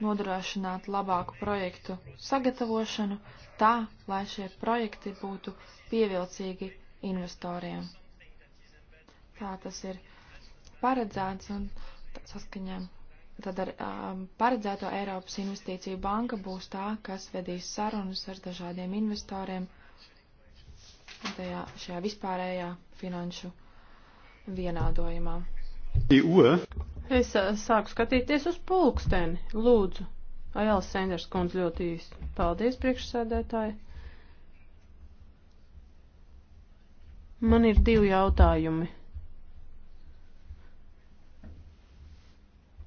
nodrošināt labāku projektu sagatavošanu tā, lai šie projekti būtu pievilcīgi investoriem kā tas ir paredzēts un saskaņā. Tad ar um, paredzēto Eiropas investīciju banka būs tā, kas vedīs sarunas ar dažādiem investoriem tajā, šajā vispārējā finanšu vienādojumā. E es uh, sāku skatīties uz pulksteni, lūdzu. Ajāls Senders kundze ļoti īsti. Paldies, priekšsēdētāji. Man ir divi jautājumi.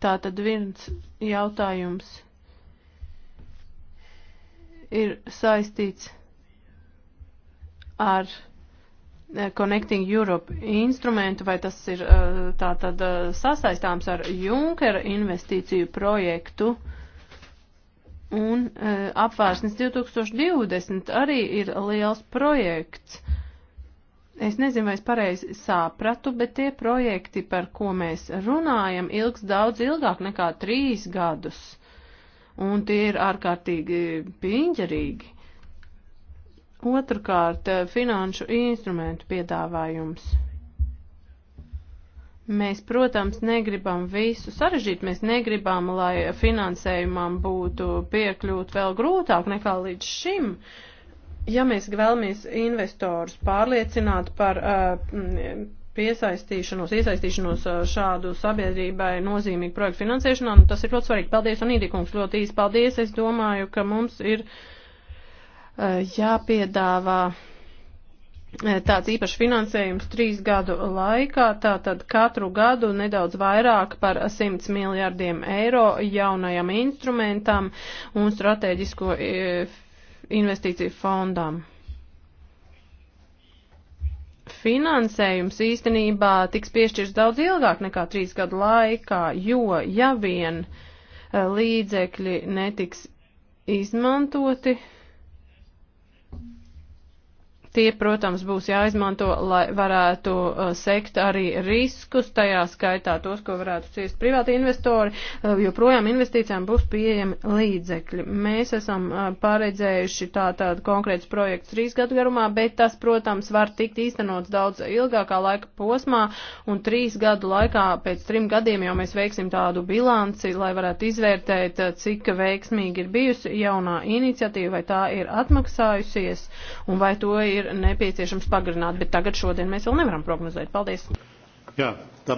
Tā tad viens jautājums ir saistīts ar eh, Connecting Europe instrumentu, vai tas ir eh, tā tad eh, sasaistāms ar Junkera investīciju projektu. Un apvērsnes 2020 arī ir liels projekts. Uh, Es nezinu, vai es pareizi sapratu, bet tie projekti, par ko mēs runājam, ilgs daudz ilgāk nekā trīs gadus, un tie ir ārkārtīgi piņģerīgi. Otrakārt, finanšu instrumentu piedāvājums. Mēs, protams, negribam visu sarežģīt, mēs negribam, lai finansējumam būtu piekļūt vēl grūtāk nekā līdz šim. Uh, Ja mēs vēlamies investorus pārliecināt par uh, piesaistīšanos, iesaistīšanos uh, šādu sabiedrībai nozīmīgu projektu finansēšanā, nu, tas ir ļoti svarīgi. Paldies, un Īdīkungs ļoti īsti paldies. Es domāju, ka mums ir uh, jāpiedāvā uh, tāds īpašs finansējums trīs gadu laikā, tātad katru gadu nedaudz vairāk par 100 miljārdiem eiro jaunajam instrumentam un strateģisko uh, investīciju fondam. Finansējums īstenībā tiks piešķirs daudz ilgāk nekā trīs gadu laikā, jo ja vien eh, līdzekļi netiks izmantoti, Tie, protams, būs jāizmanto, lai varētu uh, sekt arī riskus, tajā skaitā tos, ko varētu ciest privāti investori, uh, jo projām investīcijām būs pieejami līdzekļi. Mēs esam uh, paredzējuši tā, tādu konkrētus projektus trīs gadu garumā, bet tas, protams, var tikt īstenots daudz ilgākā laika posmā, un trīs gadu laikā pēc trim gadiem jau mēs veiksim tādu bilanci, lai varētu izvērtēt, uh, cik veiksmīgi ir bijusi jaunā iniciatīva, vai tā ir atmaksājusies, un vai to ir ir nepieciešams pagarināt, bet tagad šodien mēs vēl nevaram prognozēt. Paldies! Jā, tā.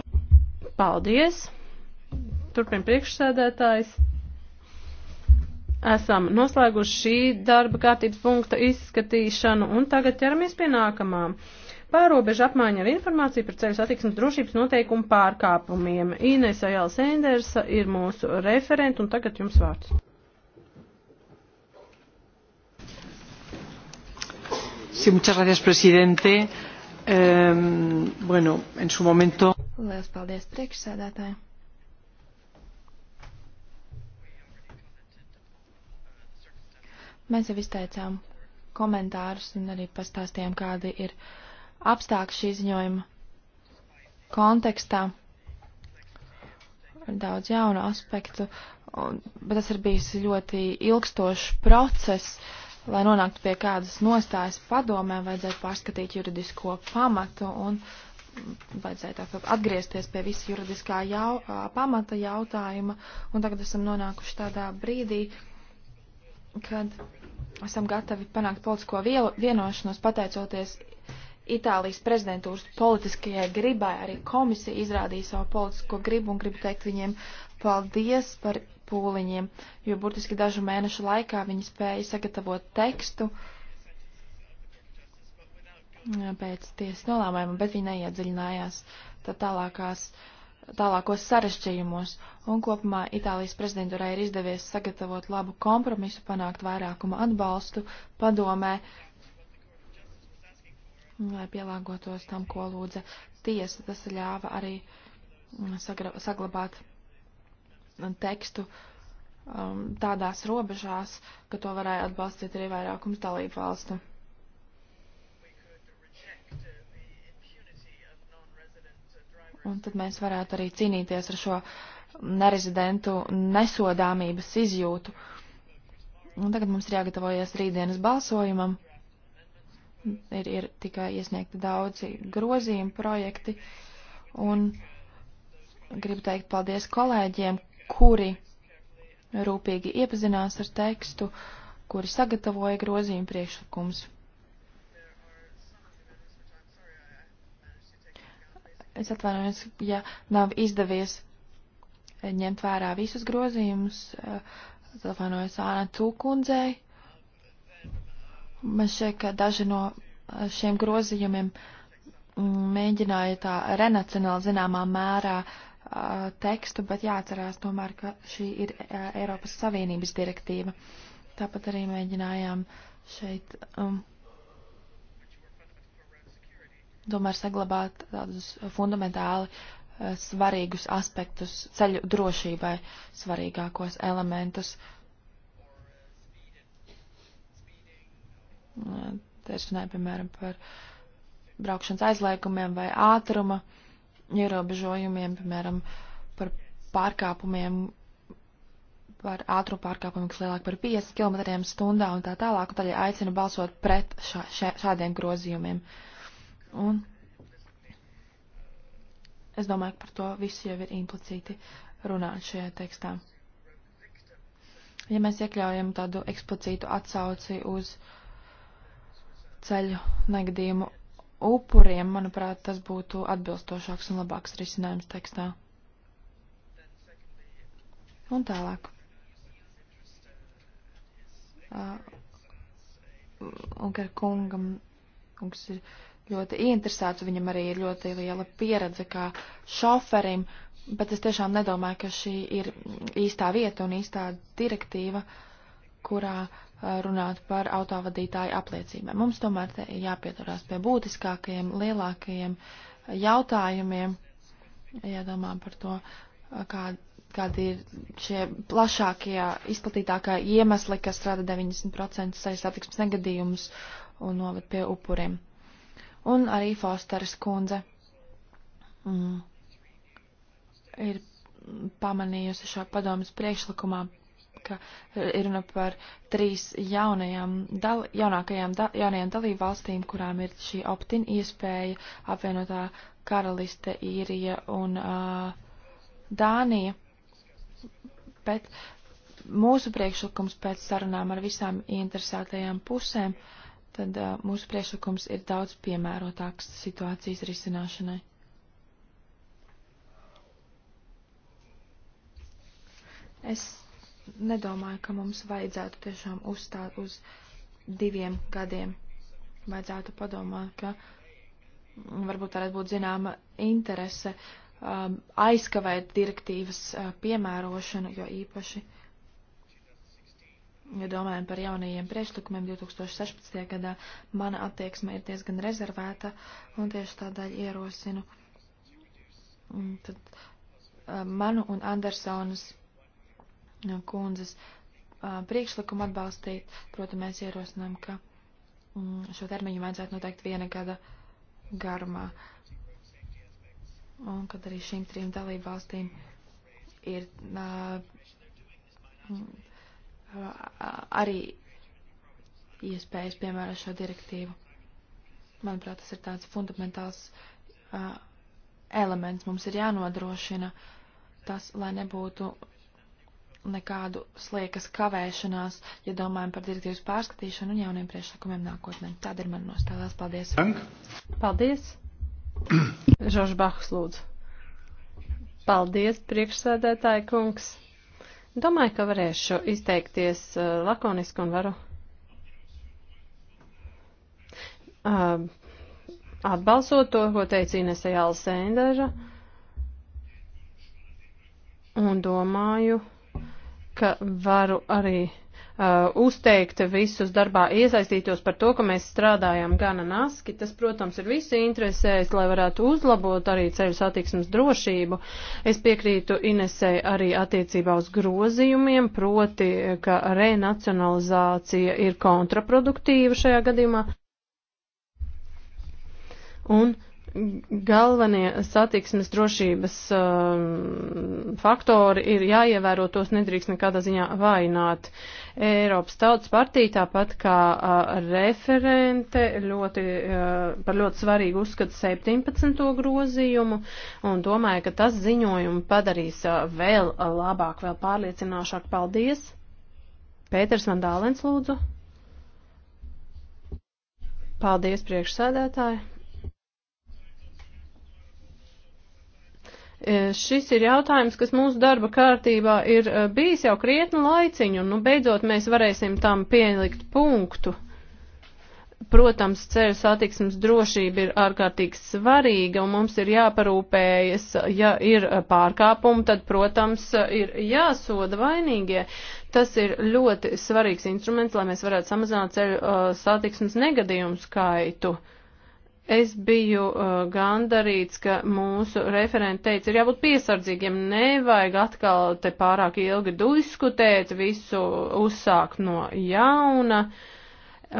Paldies! Turpin priekšsēdētājs. Esam noslēguši šī darba kārtības punkta izskatīšanu un tagad ķeramies pie nākamām. Pārobežu apmaiņa ar informāciju par ceļu satiksmes drošības noteikumu pārkāpumiem. Inesa Jāls Endersa ir mūsu referenta un tagad jums vārds. señor presidente en su momento. Lielas paldies priekšsēdētāji. Mēs jau izteicām komentārus un arī pastāstījām, kādi ir apstākļi šī ziņojuma kontekstā. Ir daudz jaunu aspektu, un, bet tas ir bijis ļoti ilgstošs process. Uh, lai nonāktu pie kādas nostājas padomē, vajadzētu pārskatīt juridisko pamatu un vajadzētu atgriezties pie visa juridiskā jau, pamata jautājuma. Un tagad esam nonākuši tādā brīdī, kad esam gatavi panākt politisko vielu, vienošanos pateicoties Itālijas prezidentūras politiskajai gribai. Arī komisija izrādīja savu politisko gribu un gribu teikt viņiem paldies par pūliņiem, jo burtiski dažu mēnešu laikā viņi spēja sagatavot tekstu mm, pēc tiesas nolēmēm, bet viņi neiedziļinājās tālākās, tālākos sarešķījumos, un kopumā Itālijas prezidentūrai ir izdevies sagatavot labu kompromisu, panākt vairākuma atbalstu padomē, mm, lai pielāgotos tam, ko lūdza tiesa. Tas ļāva arī mm, sagra, saglabāt tekstu um, tādās robežās, ka to varēja atbalstīt arī vairākums dalību valstu. Un tad mēs varētu arī cīnīties ar šo nerezidentu nesodāmības izjūtu. Un tagad mums ir jāgatavojas rītdienas balsojumam. Ir, ir tikai iesniegti daudzi grozījumi projekti. Un gribu teikt paldies kolēģiem, kuri rūpīgi iepazinās ar tekstu, kuri sagatavoja grozījumu priekšlikumus. Es atvainojos, ja nav izdevies ņemt vērā visus grozījumus, es atvainojos Āna Tūkundzei. Man šķiet, ka daži no šiem grozījumiem mm, mēģināja tā renacionāli zināmā mērā uh, tekstu, bet jāatcerās tomēr, ka šī ir Eiropas Savienības direktīva. Tāpat arī mēģinājām šeit um, tomēr saglabāt tādus fundamentāli uh, svarīgus aspektus ceļu drošībai, svarīgākos elementus. Te es runāju, piemēram, par braukšanas aizliegumiem vai ātruma uh, ierobežojumiem, piemēram, par pārkāpumiem, par ātrumu pārkāpumiem, kas lielāk par 5 km stundā un tā tālāk, un tādēļ aicinu balsot pret šā, šā, šādiem grozījumiem. Un es domāju, ka par to visu jau ir implicīti runāt šajā tekstā. Ja mēs iekļaujam tādu eksplicītu atsauci uz ceļu negadījumu upuriem, manuprāt, tas būtu atbilstošāks un labāks risinājums tekstā. Un tālāk. Uh, un ka kungam, kungs ir ļoti interesēts, viņam arī ir ļoti liela pieredze kā šoferim, bet es tiešām nedomāju, ka šī ir īstā vieta un īstā direktīva, kurā runāt par autovadītāju apliecībām. Mums tomēr jāpieturās pie būtiskākajiem, lielākajiem jautājumiem, jādomā par to, kā, kādi ir šie plašākie, izplatītākie iemesli, kas rada 90% ceļu satiksmes negadījumus un novad pie upuriem. Un arī Fosteras kundze mm, ir pamanījusi šā padomas priekšlikumā ka e, ir runa par trīs jaunajām, dal, jaunākajām, da, jaunajām dalību valstīm, kurām ir šī optin iespēja apvienotā karaliste, īrija un uh, Dānija. Bet mūsu priekšlikums pēc sarunām ar visām interesētajām pusēm, tad uh, mūsu priekšlikums ir daudz piemērotāks situācijas risināšanai. Es nedomāju, ka mums vajadzētu tiešām uzstāt uz diviem gadiem. Vajadzētu padomāt, ka mm, varbūt varētu būt zināma interese um, aizkavēt direktīvas uh, piemērošanu, jo īpaši, ja domājam par jaunajiem priekšlikumiem 2016. gadā, mana attieksme ir diezgan rezervēta un tieši tādēļ ierosinu. Un mm, tad, uh, manu un Andersonas kundzes priekšlikumu atbalstīt. Protams, mēs ierosinām, ka mm, šo termiņu vajadzētu noteikt viena gada garumā. Un kad arī šīm trim dalību valstīm ir mm, arī iespējas piemērot šo direktīvu. Manuprāt, tas ir tāds fundamentāls elements. Mums ir jānodrošina tas, lai nebūtu nekādu sliekas kavēšanās, ja domājam par direktīvas pārskatīšanu un jauniem priekšlikumiem nākotnē. Tāda ir mana nostāvēs. Paldies. Dank. Paldies. Žorž Bahs lūdzu. Paldies, priekšsēdētāji kungs. Domāju, ka varēšu izteikties uh, lakoniski un varu uh, atbalstot to, ko teica Inese Jāla Sēndera. Un domāju, uh, ka varu arī uh, uzteikt visus darbā iesaistītos par to, ka mēs strādājam gana naski. Tas, protams, ir visi interesēs, lai varētu uzlabot arī ceļu satiksmes drošību. Es piekrītu Inesei arī attiecībā uz grozījumiem, proti, ka renacionalizācija ir kontraproduktīva šajā gadījumā. Un galvenie satiksmes drošības um, faktori ir jāievēro, tos nedrīkst nekādā ziņā vainot. Eiropas tautas partija, tāpat kā uh, referente, ļoti, uh, par ļoti svarīgu uzskata 17. grozījumu un domāju, ka tas ziņojumu padarīs uh, vēl labāk, vēl pārliecināšāk. Paldies! Pēters Vandālens lūdzu. Paldies priekšsēdētāji! E, šis ir jautājums, kas mūsu darba kārtībā ir e, bijis jau krietnu laiciņu, un nu, beidzot mēs varēsim tam pielikt punktu. Protams, ceļu satiksmes drošība ir ārkārtīgi svarīga, un mums ir jāparūpējas, ja ir e, pārkāpumi, tad, protams, ir jāsoda vainīgie. Tas ir ļoti svarīgs instruments, lai mēs varētu samazināt ceļu uh, satiksmes negadījumu skaitu. Uh, Es biju uh, gandarīts, ka mūsu referenti teica, ir jābūt piesardzīgiem, nevajag atkal te pārāk ilgi diskutēt, visu uzsākt no jauna.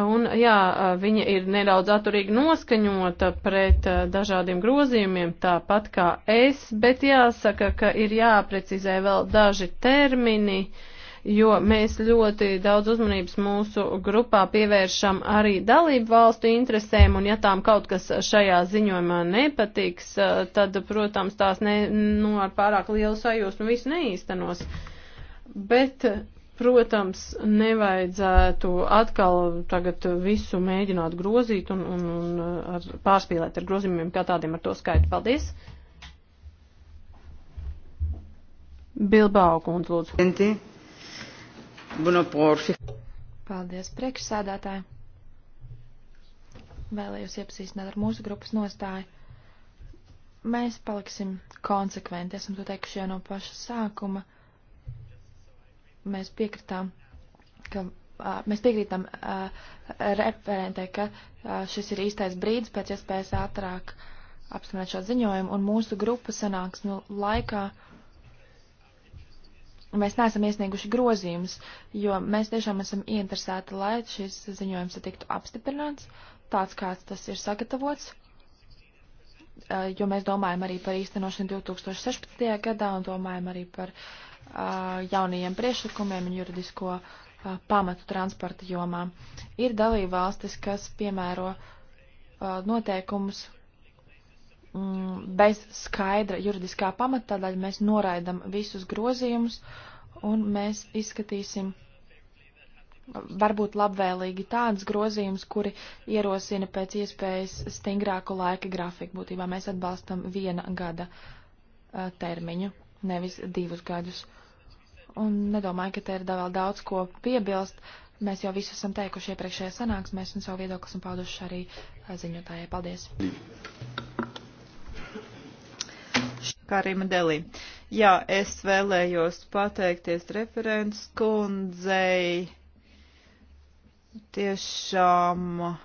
Un jā, uh, viņa ir nedaudz atturīgi noskaņota pret uh, dažādiem grozījumiem, tāpat kā es, bet jāsaka, ka ir jāprecizē vēl daži termini. Uh, jo mēs ļoti daudz uzmanības mūsu grupā pievēršam arī dalību valstu interesēm, un ja tām kaut kas šajā ziņojumā nepatiks, eh, tad, protams, tās ne, nu, ar pārāk lielu sajūsmu visu neīstenos. Bet protams, nevajadzētu atkal tagad visu mēģināt grozīt un, un, un eh, ar, pārspīlēt ar grozījumiem kā tādiem ar to skaitu. Paldies! Bilbao kundze, lūdzu. Paldies, priekšsēdētāji. Vēlējos iepazīstināt ar mūsu grupas nostāju. Mēs paliksim konsekventi, esam to teikuši jau no paša sākuma. Mēs piekritām, ka mēs piekrītam uh, referentē, ka uh, šis ir īstais brīdis pēc iespējas ātrāk apstiprināt šo ziņojumu, un mūsu grupa sanāks nu, laikā mēs neesam iesnieguši grozījumus, jo mēs tiešām esam ieinteresēti, lai šis ziņojums tiktu apstiprināts, tāds kāds tas ir sagatavots, jo mēs domājam arī par īstenošanu 2016. gadā un domājam arī par jaunajiem priešlikumiem un juridisko pamatu transporta jomā. Ir dalība valstis, kas piemēro noteikumus, Mm, bez skaidra juridiskā pamata, tādēļ mēs noraidam visus grozījumus un mēs izskatīsim varbūt labvēlīgi tādus grozījumus, kuri ierosina pēc iespējas stingrāku laika grafiku. Būtībā mēs atbalstam viena gada uh, termiņu, nevis divus gadus. Un nedomāju, ka te ir vēl daudz ko piebilst. Mēs jau visu esam teikuši iepriekšējā sanāksmēs un savu viedokli esam pauduši arī ziņotājai. Paldies! Karima Delī. Jā, es vēlējos pateikties referents kundzei. Tiešām uh,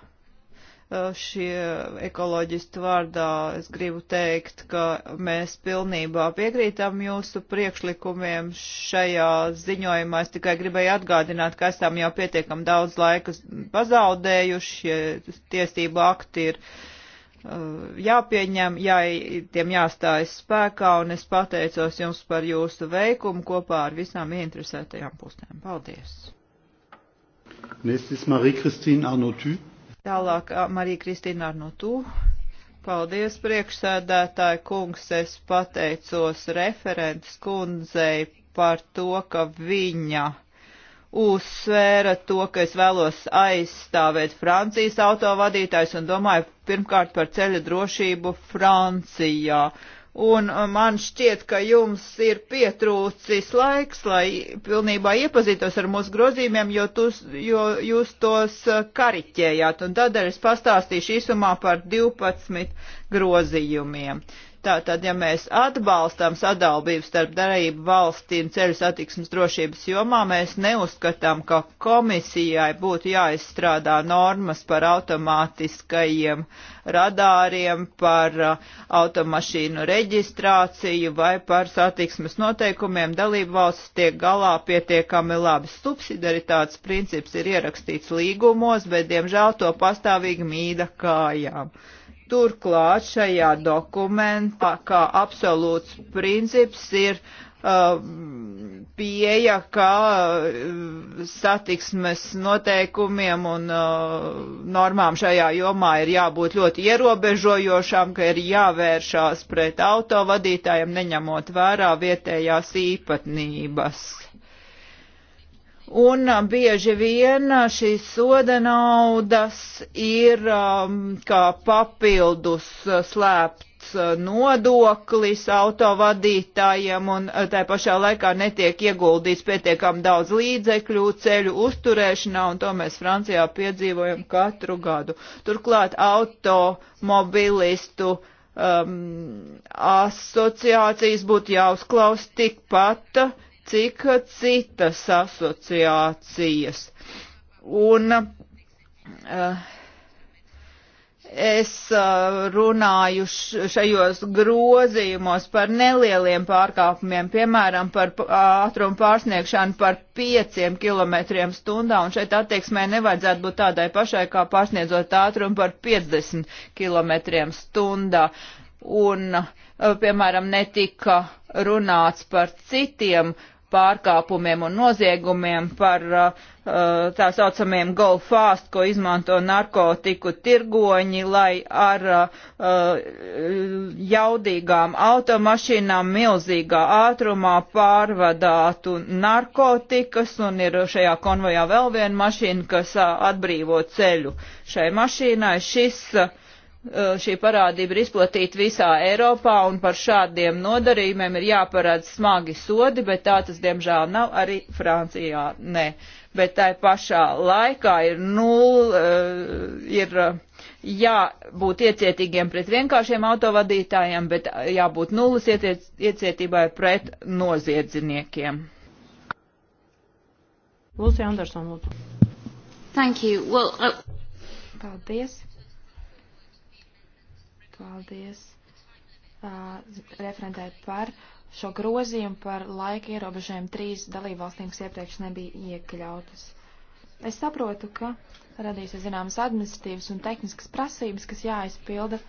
šie ekoloģistu vārdā es gribu teikt, ka mēs pilnībā piekrītam jūsu priekšlikumiem šajā ziņojumā. Es tikai gribēju atgādināt, ka esam jau pietiekam daudz laika pazaudējuši, tiesību akti ir uh, Uh, jāpieņem, jā, tiem jāstājas spēkā, un es pateicos jums par jūsu veikumu kopā ar visām ieinteresētajām pusēm. Paldies! Nestis Marija-Kristīna Arnotu. Tālāk uh, Marija-Kristīna Arnotu. Paldies, priekšsēdētāji kungs, es pateicos referents kundzei par to, ka viņa uzsvēra to, ka es vēlos aizstāvēt Francijas autovadītājs un domāju pirmkārt par ceļa drošību Francijā. Un uh, man šķiet, ka jums ir pietrūcis laiks, lai pilnībā iepazītos ar mūsu grozījumiem, jo, tūs, jo jūs tos uh, kariķējāt. Un tādēļ es pastāstīšu īsumā par 12 grozījumiem. Tātad, ja mēs atbalstām sadalbību starp darību valstīm ceļu satiksmes drošības jomā, mēs neuzskatām, ka komisijai būtu jāizstrādā normas par automātiskajiem radāriem, par uh, automašīnu reģistrāciju vai par satiksmes noteikumiem. Dalību valstis tiek galā pietiekami labi. Subsidaritātes princips ir ierakstīts līgumos, bet, diemžēl, to pastāvīgi mīda kājām. Turklāt šajā dokumentā kā absolūts princips ir uh, pieeja, kā uh, satiksmes noteikumiem un uh, normām šajā jomā ir jābūt ļoti ierobežojošām, ka ir jāvēršās pret autovadītājiem, neņemot vērā vietējās īpatnības Un uh, bieži vien uh, šīs soda naudas ir um, kā papildus uh, slēpts nodoklis autovadītājiem un tā pašā laikā netiek ieguldīts pietiekam daudz līdzekļu ceļu uzturēšanā un to mēs Francijā piedzīvojam katru gadu. Turklāt automobilistu um, asociācijas būtu jāuzklaus tikpat cik citas asociācijas. Un uh, es eh, runāju šajos grozījumos par nelieliem pārkāpumiem, piemētram, par ātrumu pārsniegšanu par 5 km stundā, un šeit attieksmē nevajadzētu būt tādai pašai, kā pārsniedzot ātrumu par 50 km stundā. Un, eh, piemēram, netika runāts par citiem uh, pārkāpumiem un noziegumiem, par uh, uh, tā saucamiem go fast, ko izmanto narkotiku tirgoņi, lai ar uh, jaudīgām automašīnām milzīgā ātrumā pārvadātu narkotikas, un ir šajā konvojā vēl viena mašīna, kas atbrīvo ceļu šai mašīnai. Šis uh, Eh, šī parādība ir izplatīta visā Eiropā un par šādiem nodarījumiem ir jāparāda smagi sodi, bet tā tas diemžēl nav arī Francijā. Nē. Bet tai pašā laikā ir nul, eh, ir eh, jābūt iecietīgiem pret vienkāršiem autovadītājiem, bet jābūt nulles iecietībai pret noziedzniekiem. Lūsija Andersona, lūdzu. Thank you. Well, uh... Paldies Paldies uh, referentē par šo grozījumu par laika ierobežojumu trīs dalībvalstīm, kas iepriekš nebija iekļautas. Es saprotu, ka radīsies zināmas administratīvas un tehniskas prasības, kas jāizpilda.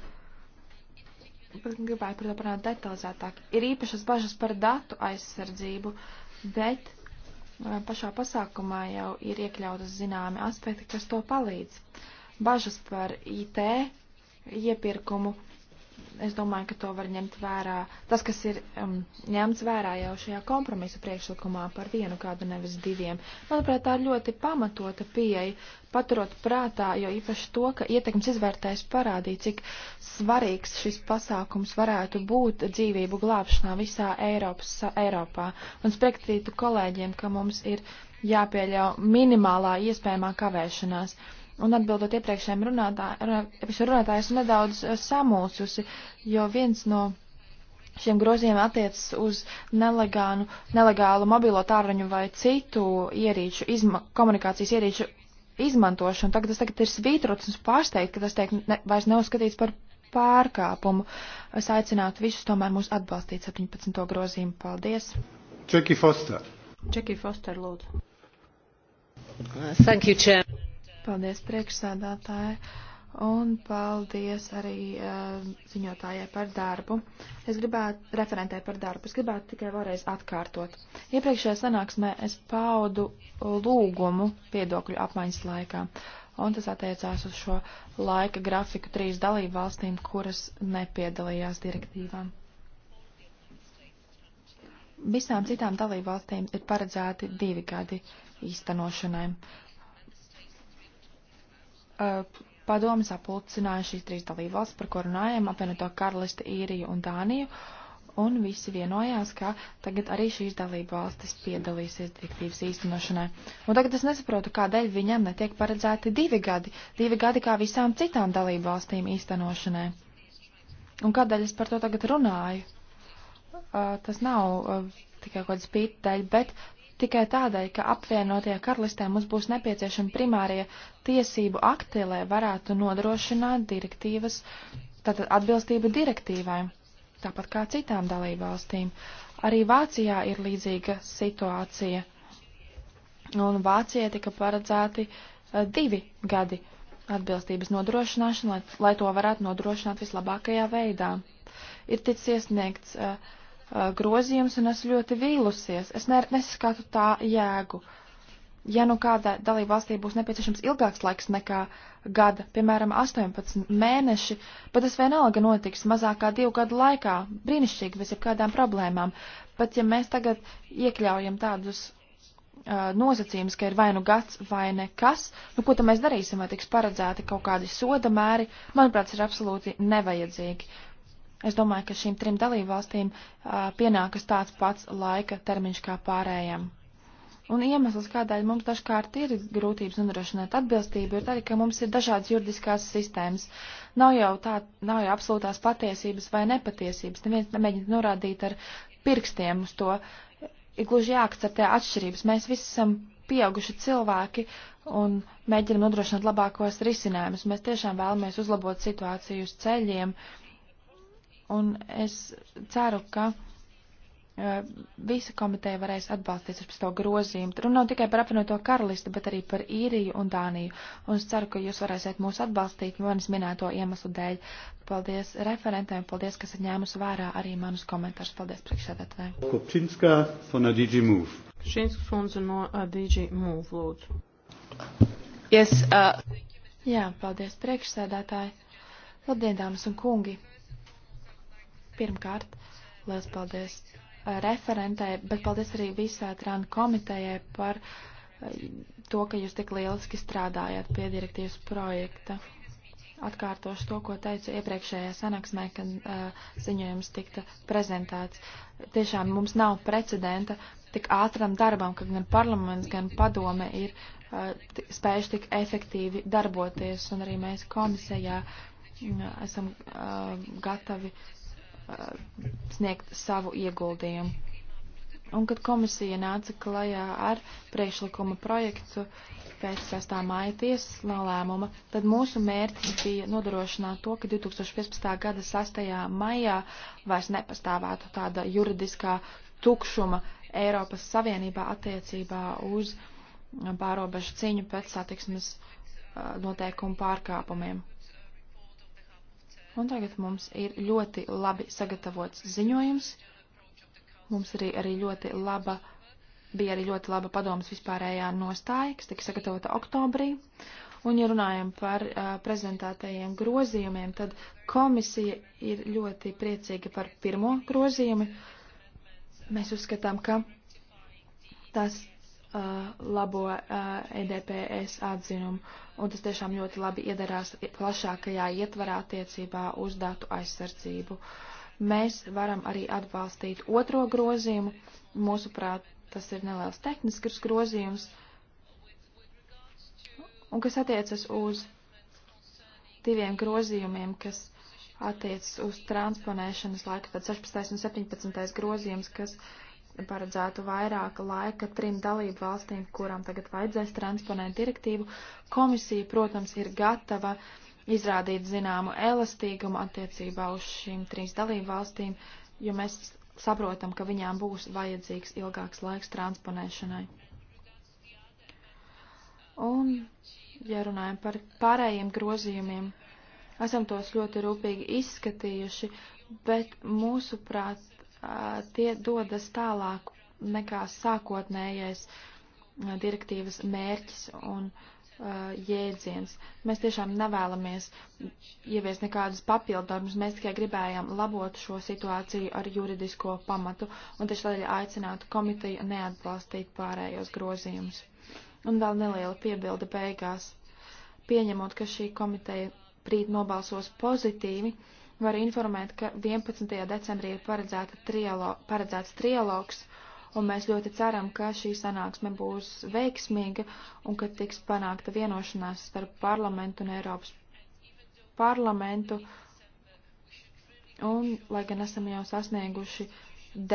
Gribētu par to parunāt detalizētāk. Ir īpašas bažas par datu aizsardzību, bet pašā pasākumā jau ir iekļautas zināmi aspekti, kas to palīdz. Bažas par IT iepirkumu. Es domāju, ka to var ņemt vērā. Tas, kas ir um, ņemts vērā jau šajā kompromisa priekšlikumā par vienu kādu nevis diviem, manuprāt, tā ir ļoti pamatota pieeja, paturot prātā, jo īpaši to, ka ietekmes izvērtējs parādīja, cik svarīgs šis pasākums varētu būt dzīvību glābšanā visā Eiropas, Eiropā. Un es piekrītu kolēģiem, ka mums ir jāpieļauj minimālā iespējamā kavēšanās. Uh, Un atbildot iepriekšējiem runātājiem, runātāj, esmu nedaudz eh, samulsusi, jo viens no šiem grozījumiem attiecas uz nelegālu, nelegālu mobilo tāruņu vai citu ierīču, izma, komunikācijas ierīču izmantošanu. Tagad tas tagad ir svītrots un pārsteigts, ka tas tiek ne, vairs neuzskatīts par pārkāpumu. Es aicinātu visus tomēr mūs atbalstīt 17. grozījumu. Paldies! Čeki Foster. Čeki Foster, lūdzu. Thank you, Chair. Paldies priekšsēdātāji un paldies arī uh, ziņotājai par darbu. Es gribētu referentē par darbu. Es gribētu tikai vēlreiz atkārtot. Iepriekšējā sanāksmē es paudu lūgumu viedokļu apmaiņas laikā. Un tas attiecās uz šo laika grafiku trīs dalību valstīm, kuras nepiedalījās direktīvām. Visām citām dalību valstīm ir paredzēti divi gadi īstenošanai. Eh, padomas apulcināja šīs trīs dalībvalsts, par ko runājam, apvienoto karalisti, īriju un Dāniju, un visi vienojās, ka tagad arī šīs dalībvalstis piedalīsies direktīvas īstenošanai. Un tagad es nesaprotu, kādēļ viņam netiek paredzēti divi gadi, divi gadi kā visām citām dalībvalstīm īstenošanai. Un kādēļ es par to tagad runāju? Uh, tas nav uh, tikai kaut kāds pīteļ, bet tikai tādai, ka apvienotie karalistē mums būs nepieciešami primārie tiesību akti, lai varētu nodrošināt direktīvas, tātad atbilstību direktīvai, tāpat kā citām dalībvalstīm. Arī Vācijā ir līdzīga situācija, un Vācijai tika paredzēti uh, divi gadi atbilstības nodrošināšana, lai, lai to varētu nodrošināt vislabākajā veidā. Ir ticis iesniegts uh, eh, Uh, grozījums, un es ļoti vīlusies. Es ne, nesaskatu tā jēgu. Ja nu kādā dalībvalstī būs nepieciešams ilgāks laiks nekā gada, piemēram, 18 mēneši, bet tas vienalga notiks mazākā divu gadu laikā, brīnišķīgi bez jebkādām problēmām. Pat ja mēs tagad iekļaujam tādus uh, nosacījumus, ka ir vai nu gads, vai nekas, nu ko tad mēs darīsim, vai tiks paredzēti kaut kādi soda mēri, manuprāt, ir absolūti nevajadzīgi. Es domāju, ka šīm trim dalībvalstīm pienākas tāds pats laika termiņš kā pārējiem. Un iemesls, kādēļ mums dažkārt ir grūtības nodrošināt atbilstību, ir arī, ka mums ir dažādas juridiskās sistēmas. Nav jau tā, nav jau absolūtās patiesības vai nepatiesības. Neviens nemēģina norādīt ar pirkstiem uz to. Ir gluži jāakceptē atšķirības. Mēs visi esam pieauguši cilvēki un mēģinam nodrošināt labākos risinājumus. Mēs tiešām vēlamies uzlabot situāciju uz ceļiem. Uh, un es ceru, ka eh, visa komiteja varēs atbalstīt 16. grozījumu. Tur nav tikai par apvienoto karalisti, bet arī par īriju un Dāniju. Un es ceru, ka jūs varēsiet mūs atbalstīt manis minēto iemeslu dēļ. Paldies referentēm, paldies, kas ir ņēmusi vērā arī manus komentārus. Paldies priekšsēdētājai. Kopčinska no DG Move. Šinskas kundze no DG Move, lūdzu. Yes, uh... Jā, paldies priekšsēdētāji. Labdien, dāmas un kungi! Pirmkārt, liels paldies uh, referentē, bet paldies arī visā Trānu komitejai par uh, to, ka jūs tik lieliski strādājat pie direktīvas projekta. Atkārtošu to, ko teicu iepriekšējā sanāksmē, kad uh, ziņojums tika prezentēts. Tiešām mums nav precedenta tik ātram darbam, ka gan parlaments, gan padome ir uh, spējuši tik efektīvi darboties, un arī mēs komisijā uh, esam uh, gatavi uh, Uh, sniegt savu ieguldījumu. Un kad komisija nāca klajā ar priekšlikuma projektu pēc 6. māja tiesas nolēmuma, tad mūsu mērķis bija nodrošināt to, ka 2015. gada 6. maijā vairs nepastāvētu tāda juridiskā tukšuma Eiropas Savienībā attiecībā uz pārobežu cīņu pēc satiksmes uh, noteikumu pārkāpumiem. Un tagad mums ir ļoti labi sagatavots ziņojums. Mums arī, arī ļoti laba, bija arī ļoti laba padomas vispārējā nostāja, kas tika sagatavota oktobrī. Un, ja runājam par uh, prezentētajiem grozījumiem, tad komisija ir ļoti priecīga par pirmo grozījumu. Mēs uzskatām, ka tas Uh, labo uh, EDPS atzinumu, un tas tiešām ļoti labi iedarās plašākajā ietvarā attiecībā uz datu aizsardzību. Mēs varam arī atbalstīt otro grozījumu. Mūsuprāt, tas ir neliels tehnisks grozījums, un kas attiecas uz diviem grozījumiem, kas attiecas uz transponēšanas laiku, tad 16. un 17. grozījums, kas uh, paredzētu vairāk laika trim dalību valstīm, kurām tagad vajadzēs transponēt direktīvu. Komisija, protams, ir gatava izrādīt zināmu elastīgumu attiecībā uz šīm trīs dalību valstīm, jo mēs saprotam, ka viņām būs vajadzīgs ilgāks laiks transponēšanai. Un, ja runājam par pārējiem grozījumiem, esam tos ļoti rūpīgi izskatījuši, bet mūsuprāt tie dodas tālāk nekā sākotnējais direktīvas mērķis un jēdziens. Mēs tiešām nevēlamies ieviest nekādus papildumus, mēs tikai gribējām labot šo situāciju ar juridisko pamatu, un tieši tādēļ aicinātu komiteju neatbalstīt pārējos grozījumus. Un vēl neliela piebilde beigās. Pieņemot, ka šī komiteja prīt nobalsos pozitīvi, uh, Var informēt, ka 11. decembrī ir trialo, paredzēts trialogs, un mēs ļoti ceram, ka šī sanāksme būs veiksmīga un ka tiks panākta vienošanās starp parlamentu un Eiropas parlamentu. Un, lai gan esam jau sasnieguši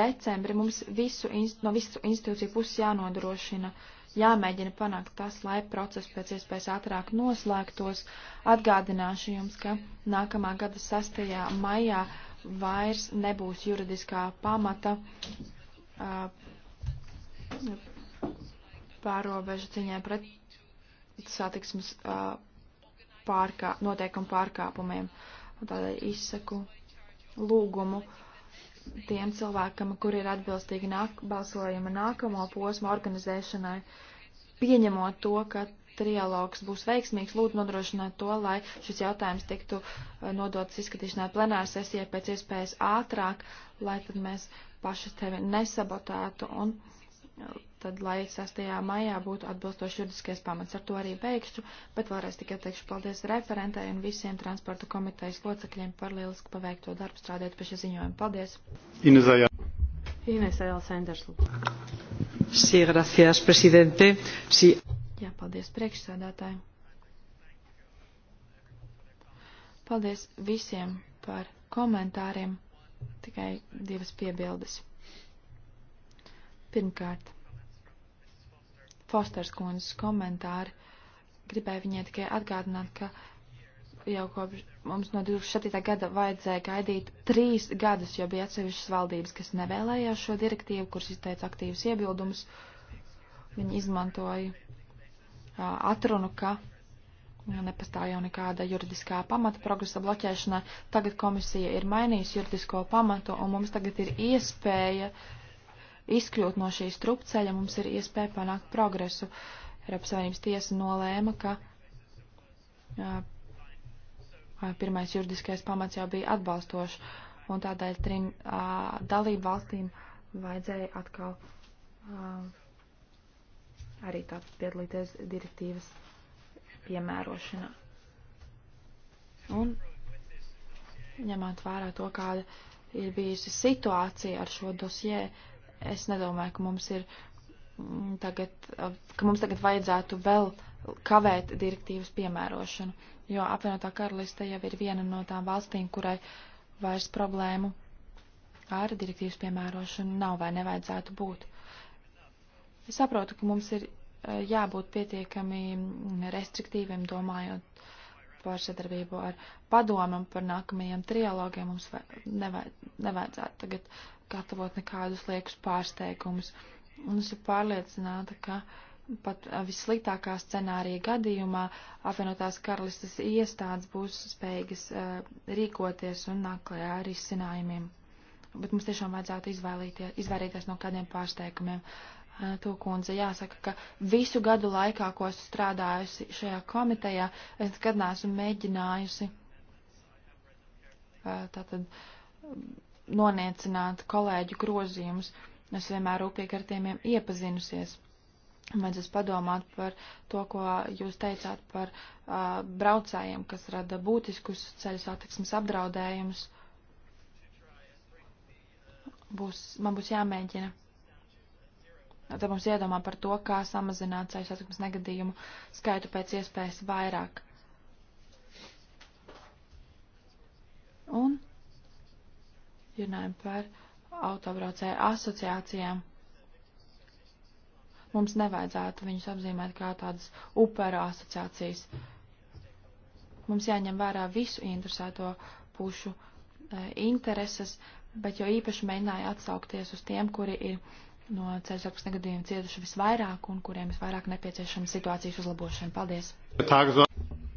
decembri, mums visu, no visu institūciju puses jānodrošina uh, jāmēģina panākt tas, lai process pēc iespējas ātrāk noslēgtos. Atgādināšu jums, ka nākamā gada 6. maijā vairs nebūs juridiskā pamata uh, pārobežu ciņai pret satiksmes uh, pārkā, noteikumu pārkāpumiem. Tādēļ izsaku lūgumu uh, tiem cilvēkam, kur ir atbilstīgi nāk, balsojuma nākamo posmu organizēšanai, pieņemot to, ka trialogs būs veiksmīgs, lūdzu nodrošināt to, lai šis jautājums tiktu eh, nodots izskatīšanai plenāra sesijai pēc iespējas ātrāk, lai tad mēs paši tevi nesabotētu un uh, tad, lai 6. maijā būtu atbilstoši juridiskais pamats. Ar to arī beigšu, bet vēlreiz tikai teikšu paldies referentai un visiem transporta komitejas locekļiem par lieliski paveikto darbu strādāt pie šī ziņojuma. Paldies! Inesa Jāla Senderslu. Sí, gracias, presidente. Sí. Jā, paldies priekšsēdētāji. Paldies visiem par komentāriem. Tikai divas piebildes. Pirmkārt, Fosters kundzes komentāri. Gribēju viņai tikai atgādināt, ka jau kopš mums no 2007. gada vajadzēja gaidīt trīs gadus, jo bija atsevišķas valdības, kas nevēlējās šo direktīvu, kuras izteica aktīvas iebildumus. Viņi izmantoja atrunu, ka nepastāv jau nekāda juridiskā pamata progresa bloķēšanā. Tagad komisija ir mainījusi juridisko pamatu, un mums tagad ir iespēja uh, izkļūt no šīs trupceļa, mums ir iespēja panākt progresu. Eiropas Savienības tiesa nolēma, ka uh, pirmais juridiskais pamats jau bija atbalstošs, un tādēļ trim uh, dalību valstīm vajadzēja atkal uh, arī tā piedalīties direktīvas piemērošanā. Un ņemot vērā to, kāda ir bijusi situācija ar šo dosjē, uh, Es nedomāju, ka mums ir mm, tagad, ka mums tagad vajadzētu vēl kavēt direktīvas piemērošanu, jo apvienotā karaliste jau ir viena no tām valstīm, kurai vairs problēmu ar direktīvas piemērošanu nav vai nevajadzētu būt. Es saprotu, ka mums ir e, jābūt pietiekami restriktīviem domājot par sadarbību ar padomu un par nākamajiem trialogiem. Mums nevajadzētu tagad gatavot nekādus liekus pārsteigumus. Un es esmu pārliecināta, ka pat vissliktākā scenārija gadījumā apvienotās karalistas iestādes būs spējīgas uh, rīkoties un nākt klajā ar izcinājumiem. Bet mums tiešām vajadzētu izvairīties no kādiem pārsteigumiem. Uh, to kundze jāsaka, ka visu gadu laikā, ko esmu strādājusi šajā komitejā, es nekad neesmu mēģinājusi uh, tātad noniecināt kolēģu grozījumus. Es vienmēr rūpīgi ar tiem iepazinusies. Vajadzēs padomāt par to, ko jūs teicāt par uh, braucējiem, kas rada būtiskus ceļu satiksmes apdraudējumus. Būs, man būs jāmēģina. Tad mums iedomā par to, kā samazināt ceļu satiksmes negadījumu skaitu pēc iespējas vairāk. Un runājam par autobraucēju asociācijām. Mums nevajadzētu viņus apzīmēt kā tādas upēra asociācijas. Mums jāņem vērā visu interesēto pušu e, intereses, bet jau īpaši mēģināja atsaukties uz tiem, kuri ir no ceļu sakaksnes gadījuma cietuši visvairāk un kuriem visvairāk nepieciešama situācijas uzlabošana. Paldies!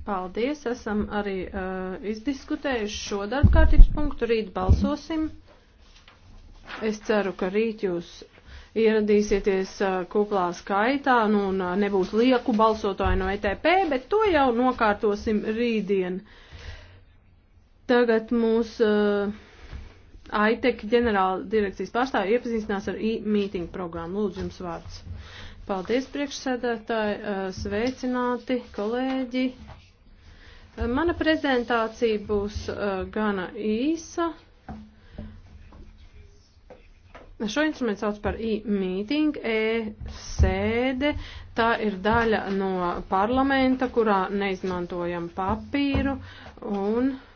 Paldies, esam arī uh, izdiskutējuši šo darbkārtības punktu, rīt balsosim. Es ceru, ka rīt jūs ieradīsieties uh, kuplā skaitā, nu, un uh, nebūs lieku balsotāju no ETP, bet to jau nokārtosim rītdien. Tagad mūs uh, ITEK ģenerāla direkcijas pārstāvja iepazīstinās ar e-meeting programmu. Lūdzu, jums vārds. Paldies, priekšsēdētāji, uh, sveicināti, kolēģi. Mana prezentācija būs uh, gana īsa. Šo instrumentu sauc par e-meeting, e-sēde. Tā ir daļa no parlamenta, kurā neizmantojam papīru un uh,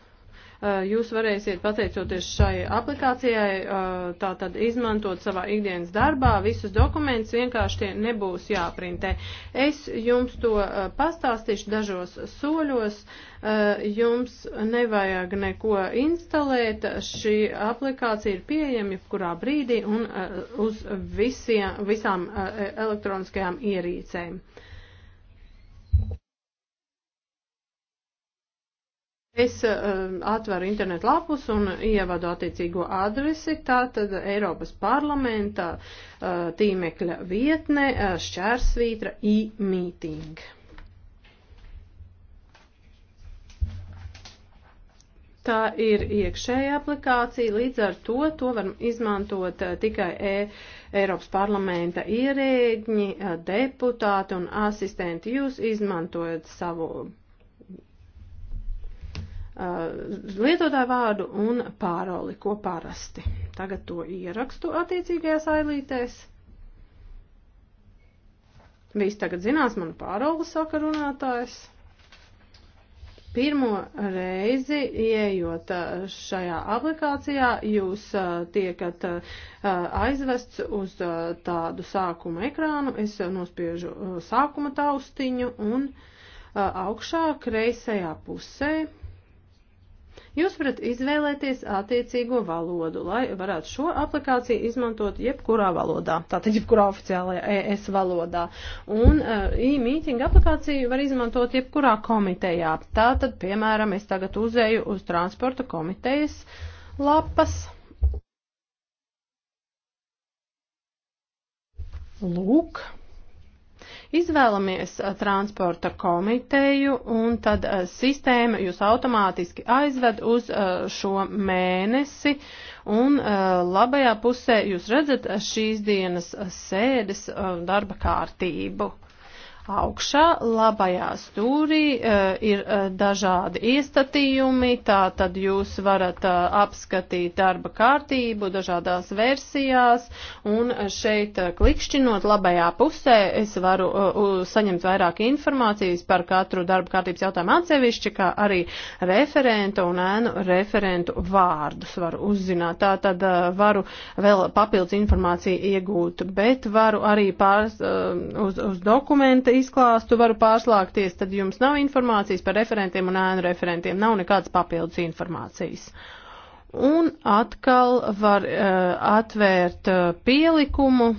jūs varēsiet pateicoties šai aplikācijai tā tad izmantot savā ikdienas darbā visus dokumentus, vienkārši tie nebūs jāprintē. Es jums to pastāstīšu dažos soļos, jums nevajag neko instalēt, šī aplikācija ir pieejama jebkurā brīdī un uz visiem, visām e, elektroniskajām ierīcēm. Es um, atveru internetu lapus un ievadu attiecīgo adresi, tā tad Eiropas parlamenta uh, tīmekļa vietne uh, šķērsvītra e-meeting. Tā ir iekšēja aplikācija, līdz ar to to var izmantot uh, tikai e Eiropas parlamenta ierēģi, uh, deputāti un asistenti. Jūs izmantojat savu Uh, lietotāju vārdu un pāroli, ko parasti. Tagad to ierakstu attiecīgajās ailītēs. Viss tagad zinās manu pārolu saka runātājs. Pirmo reizi ieejot uh, šajā aplikācijā, jūs uh, tiekat aizvests uz tādu sākuma ekrānu. Es nospiežu sākuma taustiņu un augšā kreisajā pusē Jūs varat izvēlēties attiecīgo valodu, lai varētu šo aplikāciju izmantot jebkurā valodā, tātad jebkurā oficiālajā ES valodā. Un uh, eh, e-mītinga aplikāciju var izmantot jebkurā komitejā. Tātad, piemēram, es tagad uzēju uz transporta komitejas lapas. Lūk. Izvēlamies transporta komiteju un tad sistēma jūs automātiski aizved uz šo mēnesi un labajā pusē jūs redzat šīs dienas sēdes darba kārtību. Augšā labajā stūrī uh, ir uh, dažādi iestatījumi, tā tad jūs varat uh, apskatīt darba kārtību dažādās versijās, un šeit uh, klikšķinot labajā pusē es varu uh, uh, saņemt vairāk informācijas par katru darba kārtības jautājumu atsevišķi, kā arī referenta un ēnu referentu vārdus varu uzzināt. Tā tad uh, varu vēl papildus informāciju iegūt, bet varu arī pārs uh, uz, uz dokumenta izklāstu, varu pārslāgties, tad jums nav informācijas par referentiem un ēnu referentiem, nav nekādas papildus informācijas. Un atkal var uh, atvērt uh, pielikumu.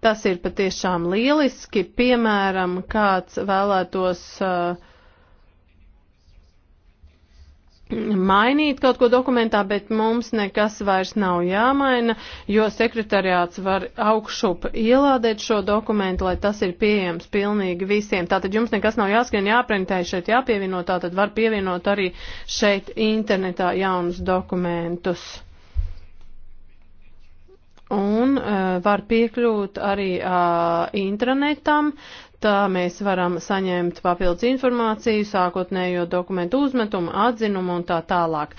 Tas ir patiešām lieliski, piemēram, kāds vēlētos uh, mainīt kaut ko dokumentā, bet mums nekas vairs nav jāmaina, jo sekretariāts var augšup ielādēt šo dokumentu, lai tas ir pieejams pilnīgi visiem. Tātad jums nekas nav jāskrien, jāprintē šeit, jāpievienot, tātad var pievienot arī šeit internetā jaunus dokumentus. Un uh, var piekļūt arī uh, intranetam, Tā mēs varam saņemt papildus informāciju, sākotnējo dokumentu uzmetumu, atzinumu un tā tālāk.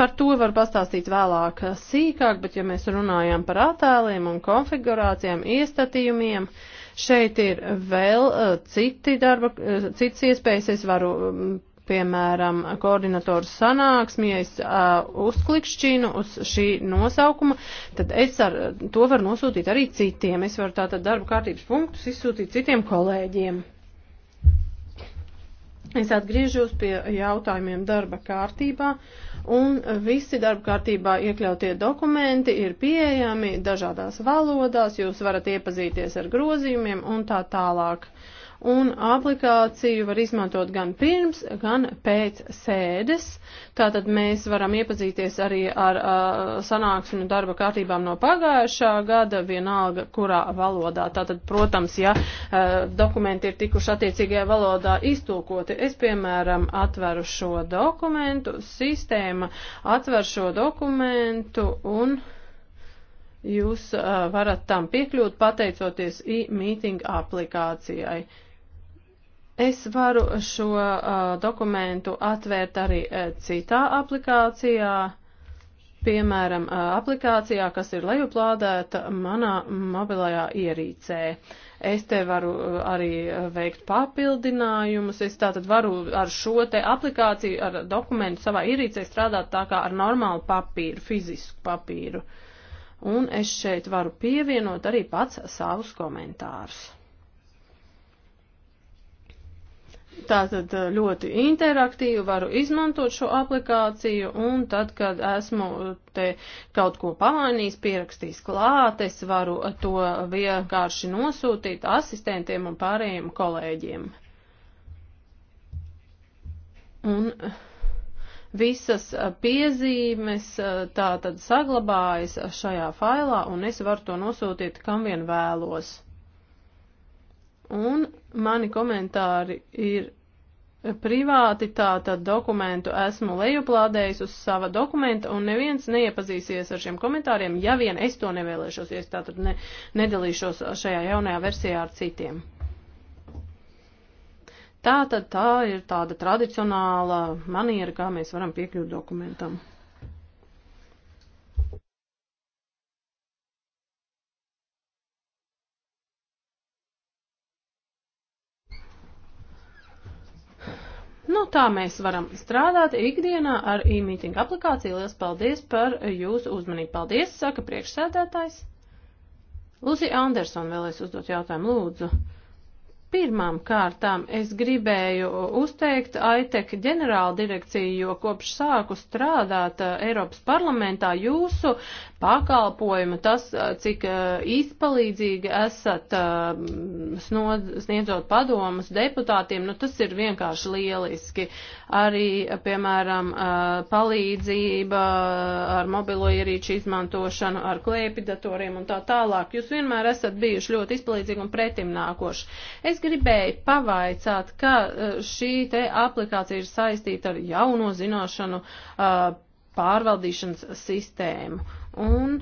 Par to var pastāstīt vēlāk sīkāk, bet ja mēs runājam par attēliem un konfigurācijām, iestatījumiem, šeit ir vēl eh, citi darba, eh, citas iespējas. Es varu mm, piemēram, koordinatoru sanāksmi, ja es uh, uzklikšķinu uz šī nosaukuma, tad es ar, to varu nosūtīt arī citiem. Es varu tātad darba kārtības punktus izsūtīt citiem kolēģiem. Es atgriežos pie jautājumiem darba kārtībā, un visi darba kārtībā iekļautie dokumenti ir pieejami dažādās valodās, jūs varat iepazīties ar grozījumiem un tā tālāk. Uh, un aplikāciju var izmantot gan pirms, gan pēc sēdes. Tātad mēs varam iepazīties arī ar uh, sanāksmi darba kārtībām no pagājušā gada, vienalga kurā valodā. Tātad, protams, ja uh, dokumenti ir tikuši attiecīgajā valodā iztūkoti, es, piemēram, atveru šo dokumentu, sistēma atver šo dokumentu un. Jūs uh, varat tam piekļūt pateicoties e-meeting aplikācijai. Uh, Es varu šo uh, dokumentu atvērt arī uh, citā aplikācijā, piemēram, uh, aplikācijā, kas ir lejuplādēta manā mobilajā ierīcē. Es te varu uh, arī veikt papildinājumus, es tātad varu ar šo te aplikāciju, ar dokumentu savā ierīcē strādāt tā kā ar normālu papīru, fizisku papīru. Un es šeit varu pievienot arī pats savus komentārus. tātad eh, ļoti interaktīvi varu izmantot šo aplikāciju un tad, kad esmu eh, te kaut ko pamainījis, pierakstījis klāt, es varu eh, to vienkārši nosūtīt asistentiem un pārējiem kolēģiem. Un visas piezīmes tātad saglabājas šajā failā un es varu to nosūtīt kam vien vēlos. Un mani komentāri ir privāti, tātad dokumentu esmu lejuplādējis uz sava dokumenta, un neviens neiepazīsies ar šiem komentāriem, ja vien es to nevēlēšos, ja es tātad ne, nedalīšos šajā jaunajā versijā ar citiem. Tātad tā ir tāda tradicionāla maniera, kā mēs varam piekļūt dokumentam. Nu, tā mēs varam strādāt ikdienā ar e-mītingu aplikāciju. Lielas paldies par jūsu uzmanību. Paldies, saka priekšsēdētājs. Lūzija Andersona vēlēs uzdot jautājumu, lūdzu. Pirmām kārtām es gribēju uzteikt AITEK ģenerāldirekciju, jo kopš sāku strādāt uh, Eiropas parlamentā jūsu pakalpojumu, tas, uh, cik uh, izpalīdzīgi esat sniedzot padomus deputātiem, nu tas ir vienkārši lieliski. Arī, piemēram, palīdzība ar mobilo ierīču izmantošanu, ar klēpidatoriem un tā tālāk. Jūs vienmēr esat bijuši ļoti izpalīdzīgi un pretimnākoši. Es es gribēju pavaicāt, ka eh, šī te aplikācija ir saistīta ar jauno zināšanu eh, pārvaldīšanas sistēmu. Un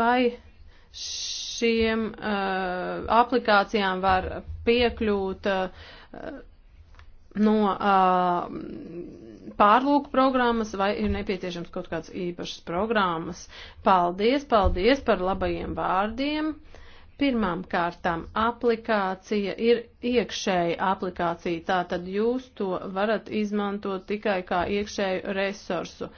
vai šiem uh, aplikācijām var piekļūt uh, no uh, pārlūku programmas vai ir nepieciešams kaut kāds īpašs programmas. Paldies, paldies par labajiem vārdiem. Uh, Pirmām kārtām aplikācija ir iekšēja aplikācija, tātad jūs to varat izmantot tikai kā iekšēju resursu.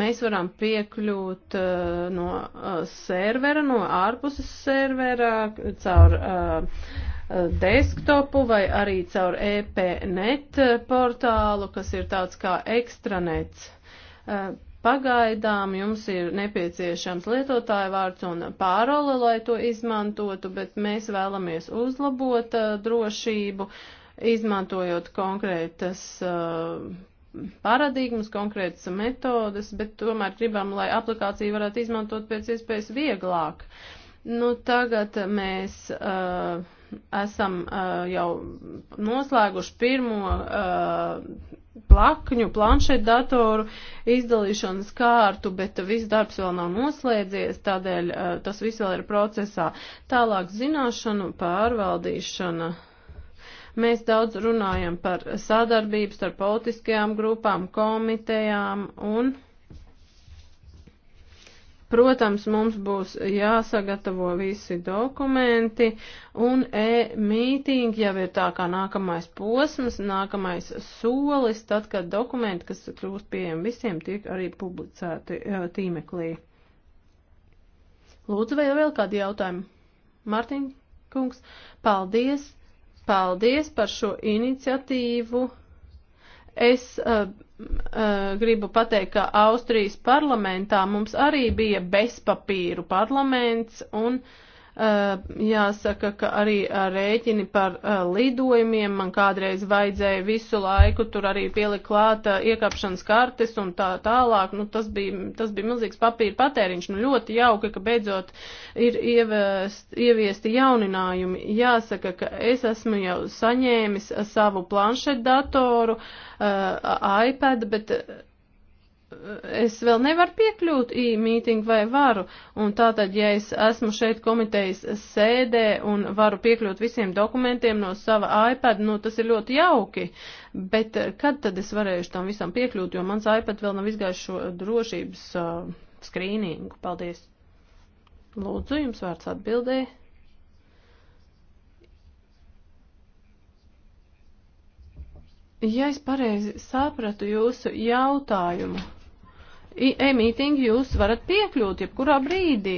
Mēs varam piekļūt uh, no uh, servera, no ārpuses servera, caur uh, uh, desktopu vai arī caur EPNet uh, portālu, kas ir tāds kā ekstranets. Uh, Pagaidām jums ir nepieciešams lietotāja vārds un pārole, lai to izmantotu, bet mēs vēlamies uzlabot uh, drošību, izmantojot konkrētas uh, paradigmas, konkrētas metodas, bet tomēr gribam, lai aplikāciju varētu izmantot pēc iespējas vieglāk. Nu, tagad mēs. Uh, esam uh, jau noslēguši pirmo uh, plakņu, planšetdatoru izdalīšanas kārtu, bet viss darbs vēl nav noslēdzies, tādēļ uh, tas viss vēl ir procesā. Tālāk zināšanu pārvaldīšana. Mēs daudz runājam par sadarbību starp politiskajām grupām, komitejām un Protams, mums būs jāsagatavo visi dokumenti, un e-mītīngi jau ir tā kā nākamais posms, nākamais solis, tad, kad dokumenti, kas kļūst pieejami visiem, tiek arī publicēti e, tīmeklī. Lūdzu, vai vēl kādi jautājumi? Mārtiņ, kungs, paldies, paldies par šo iniciatīvu. Es uh, Eh, gribu pateikt, ka Austrijas parlamentā mums arī bija bezpapīru parlaments un uh, Jāsaka, ka arī rēķini par lidojumiem man kādreiz vajadzēja visu laiku tur arī pielikt klāt iekāpšanas kartes un tā tālāk. Nu, tas, bija, tas bija milzīgs papīra patēriņš. Nu, ļoti jauki, ka beidzot ir ieviest, ieviesti jauninājumi. Jāsaka, ka es esmu jau saņēmis savu planšetdatoru, iPad, bet es vēl nevaru piekļūt e-mītingu vai varu, un tātad, ja es esmu šeit komitejas sēdē un varu piekļūt visiem dokumentiem no sava iPad, nu tas ir ļoti jauki, bet eh, kad tad es varēšu tam visam piekļūt, jo mans iPad vēl nav izgājis šo drošības uh, skrīningu. Paldies. Lūdzu, jums vārds atbildēja. Ja es pareizi sapratu jūsu jautājumu, e-mītingu jūs varat piekļūt jebkurā brīdī.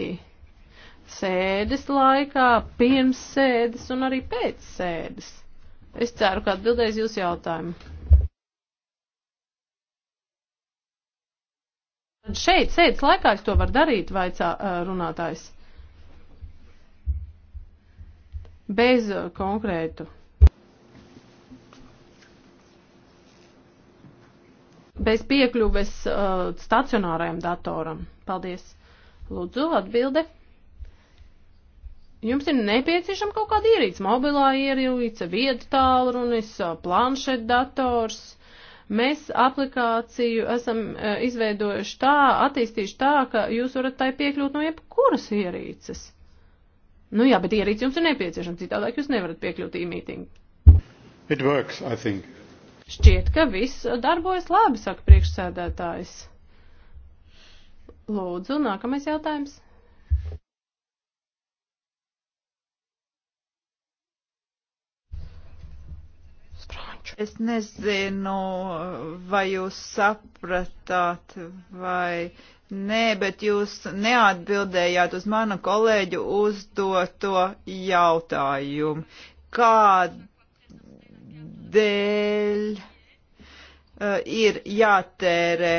Sēdes laikā, pirms sēdes un arī pēc sēdes. Es ceru, ka atbildēs jūs jautājumu. Šeit sēdes laikā es to varu darīt, vaicā runātājs. Bez konkrētu bez piekļuves uh, stacionārajam datoram. Paldies. Lūdzu, atbilde. Jums ir nepieciešama kaut kāda ierīce, mobilā ierīce, vietu tālrunis, uh, planšetdators. Mēs aplikāciju esam uh, izveidojuši tā, attīstījuši tā, ka jūs varat tai piekļūt no jebkuras ierīces. Nu jā, bet ierīce jums ir nepieciešama, citādāk jūs nevarat piekļūt e-meeting. It works, I think. Šķiet, ka viss darbojas labi, saka priekšsēdētājs. Lūdzu, nākamais jautājums. Franču. Es nezinu, vai jūs sapratāt vai nē, bet jūs neatbildējāt uz manu kolēģu uzdoto jautājumu. Kāda dēļ uh, ir jātērē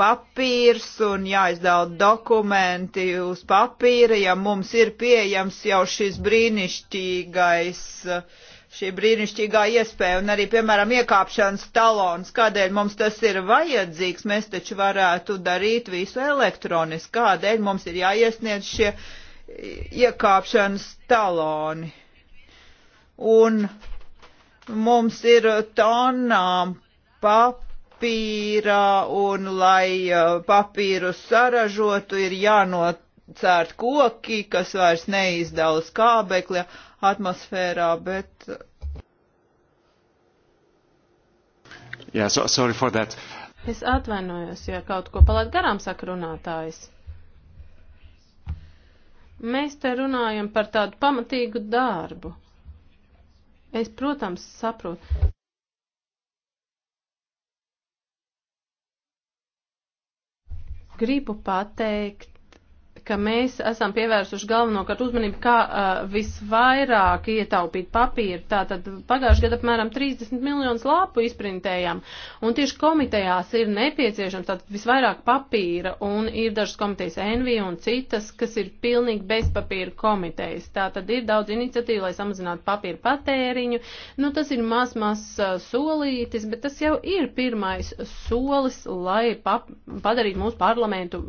papīrs un jāizdala dokumenti uz papīra, ja mums ir pieejams jau šis brīnišķīgais, uh, šī brīnišķīgā iespēja un arī, piemēram, iekāpšanas talons, kādēļ mums tas ir vajadzīgs, mēs taču varētu darīt visu elektroniski, kādēļ mums ir jāiesniedz šie iekāpšanas taloni. Un Mums ir uh, tonām papīra un, lai uh, papīru saražotu, ir jānocērt koki, kas vairs neizdaus kābekļa atmosfērā, bet. Uh, yeah, so, sorry for that. Es atvainojos, ja kaut ko palēt garām saka runātājs. Mēs te runājam par tādu pamatīgu darbu. Es, protams, saprotu. Gribu pateikt, ka mēs esam pievērsuši galvenokārt uzmanību, kā uh, visvairāk ietaupīt papīru. Tātad pagājušajā gadā apmēram 30 miljonus lapu izprintējām, un tieši komitejās ir nepieciešams tātad visvairāk papīra, un ir dažas komitejas NV un citas, kas ir pilnīgi bez papīra komitejas. Tātad ir daudz iniciatīvu, lai samazinātu papīra patēriņu. Nu, tas ir maz, maz uh, solītis, bet tas jau ir pirmais solis, lai padarītu mūsu parlamentu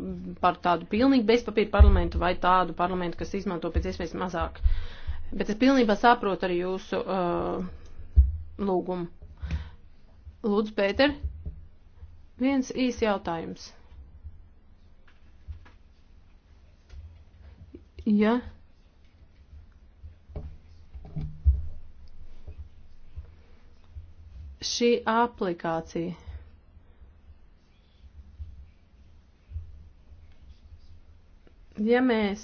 par tādu pilnīgi bezpapīru kopīgu parlamentu vai tādu parlamentu, kas izmanto pēc iespējas mazāk. Bet es pilnībā saprotu arī jūsu uh, lūgumu. Lūdzu, Pēter, viens īs jautājums. Ja? Šī aplikācija Ja mēs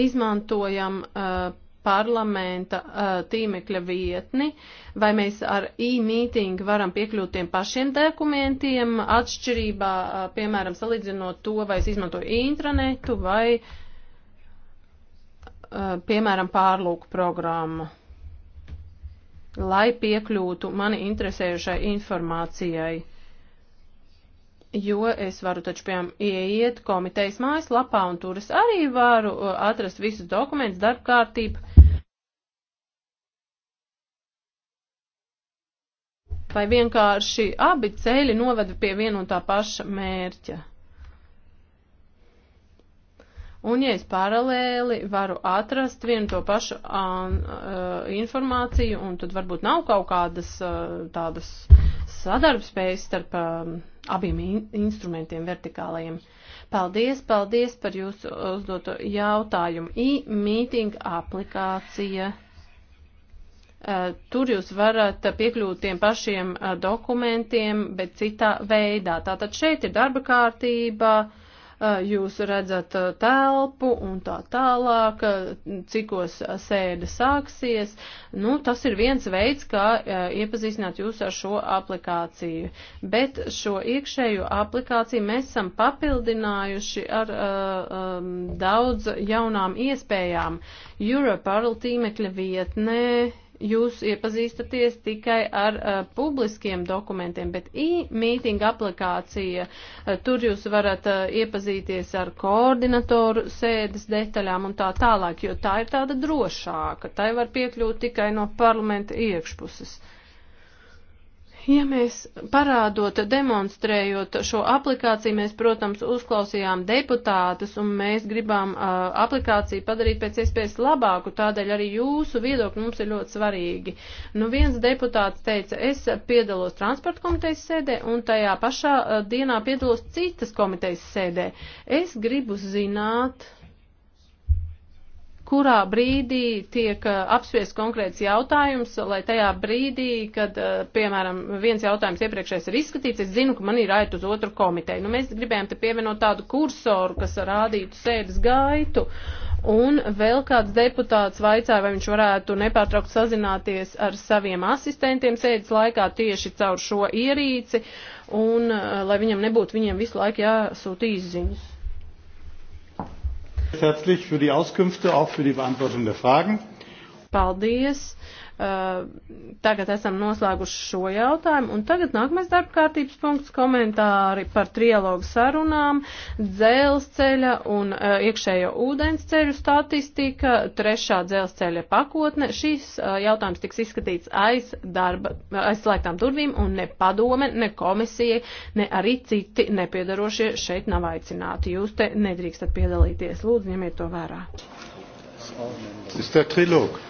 izmantojam uh, parlamenta uh, tīmekļa vietni, vai mēs ar e-mītingu varam piekļūt tiem pašiem dokumentiem, atšķirībā, uh, piemēram, salīdzinot to, vai es izmantoju intranetu vai, uh, piemēram, pārlūku programmu, lai piekļūtu mani interesējušai informācijai. Jo es varu taču, piemēram, ieiet komitejas mājaslapā, un tur es arī varu uh, atrast visus dokumentus, darbkārtību. Vai vienkārši abi ceļi novada pie viena un tā paša mērķa? Un ja es paralēli varu atrast vienu to pašu uh, informāciju, un tad varbūt nav kaut kādas uh, tādas sadarbspējas starp uh, abiem in instrumentiem vertikālajiem. Paldies, paldies par jūsu uzdoto jautājumu. E-meeting aplikācija. Tur jūs varat piekļūt tiem pašiem dokumentiem, bet citā veidā. Tātad šeit ir darba kārtība jūs redzat telpu un tā tālāk, cikos sēde sāksies. Nu, tas ir viens veids, kā iepazīstināt jūs ar šo aplikāciju. Bet šo iekšējo aplikāciju mēs esam papildinājuši ar um, daudz jaunām iespējām. Europarl tīmekļa vietnē jūs iepazīstaties tikai ar uh, publiskiem dokumentiem, bet e-mītinga aplikācija, uh, tur jūs varat uh, iepazīties ar koordinatoru sēdes detaļām un tā tālāk, jo tā ir tāda drošāka, tai var piekļūt tikai no parlamenta iekšpuses. Uh, Ja mēs parādot, demonstrējot šo aplikāciju, mēs, protams, uzklausījām deputātus un mēs gribam uh, aplikāciju padarīt pēc iespējas labāku, tādēļ arī jūsu viedokļi mums ir ļoti svarīgi. Nu, viens deputāts teica, es piedalos transporta komitejas sēdē un tajā pašā uh, dienā piedalos citas komitejas sēdē. Es gribu zināt, uh, kurā brīdī tiek apspriest konkrēts jautājums, lai tajā brīdī, kad, piemēram, viens jautājums iepriekšējais ir izskatīts, es zinu, ka man ir aiz uz otru komiteju. Nu, mēs gribējām te pievienot tādu kursoru, kas rādītu sēdes gaitu. Un vēl kāds deputāts vaicāja, vai viņš varētu nepārtraukt sazināties ar saviem asistentiem sēdes laikā tieši caur šo ierīci, un lai viņam nebūtu viņiem visu laiku jāsūta izziņas. Herzlich für die Auskünfte, auch für die Beantwortung der Fragen. Paldies! Eh, tagad esam noslēguši šo jautājumu, un tagad nākamais darbkārtības punkts komentāri par trialogu sarunām, dzelzceļa un eh, iekšējo ūdensceļu statistika, trešā dzelzceļa pakotne. Šis eh, jautājums tiks izskatīts aiz darba, aizslēgtām durvīm, un ne padome, ne komisija, ne arī citi nepiedarošie šeit nav aicināti. Jūs te nedrīkstat piedalīties. Lūdzu, ņemiet to vērā. Ist der Trilog?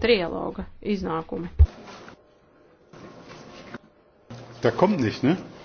trialoga iznākumi. Tā kommt nicht, ne?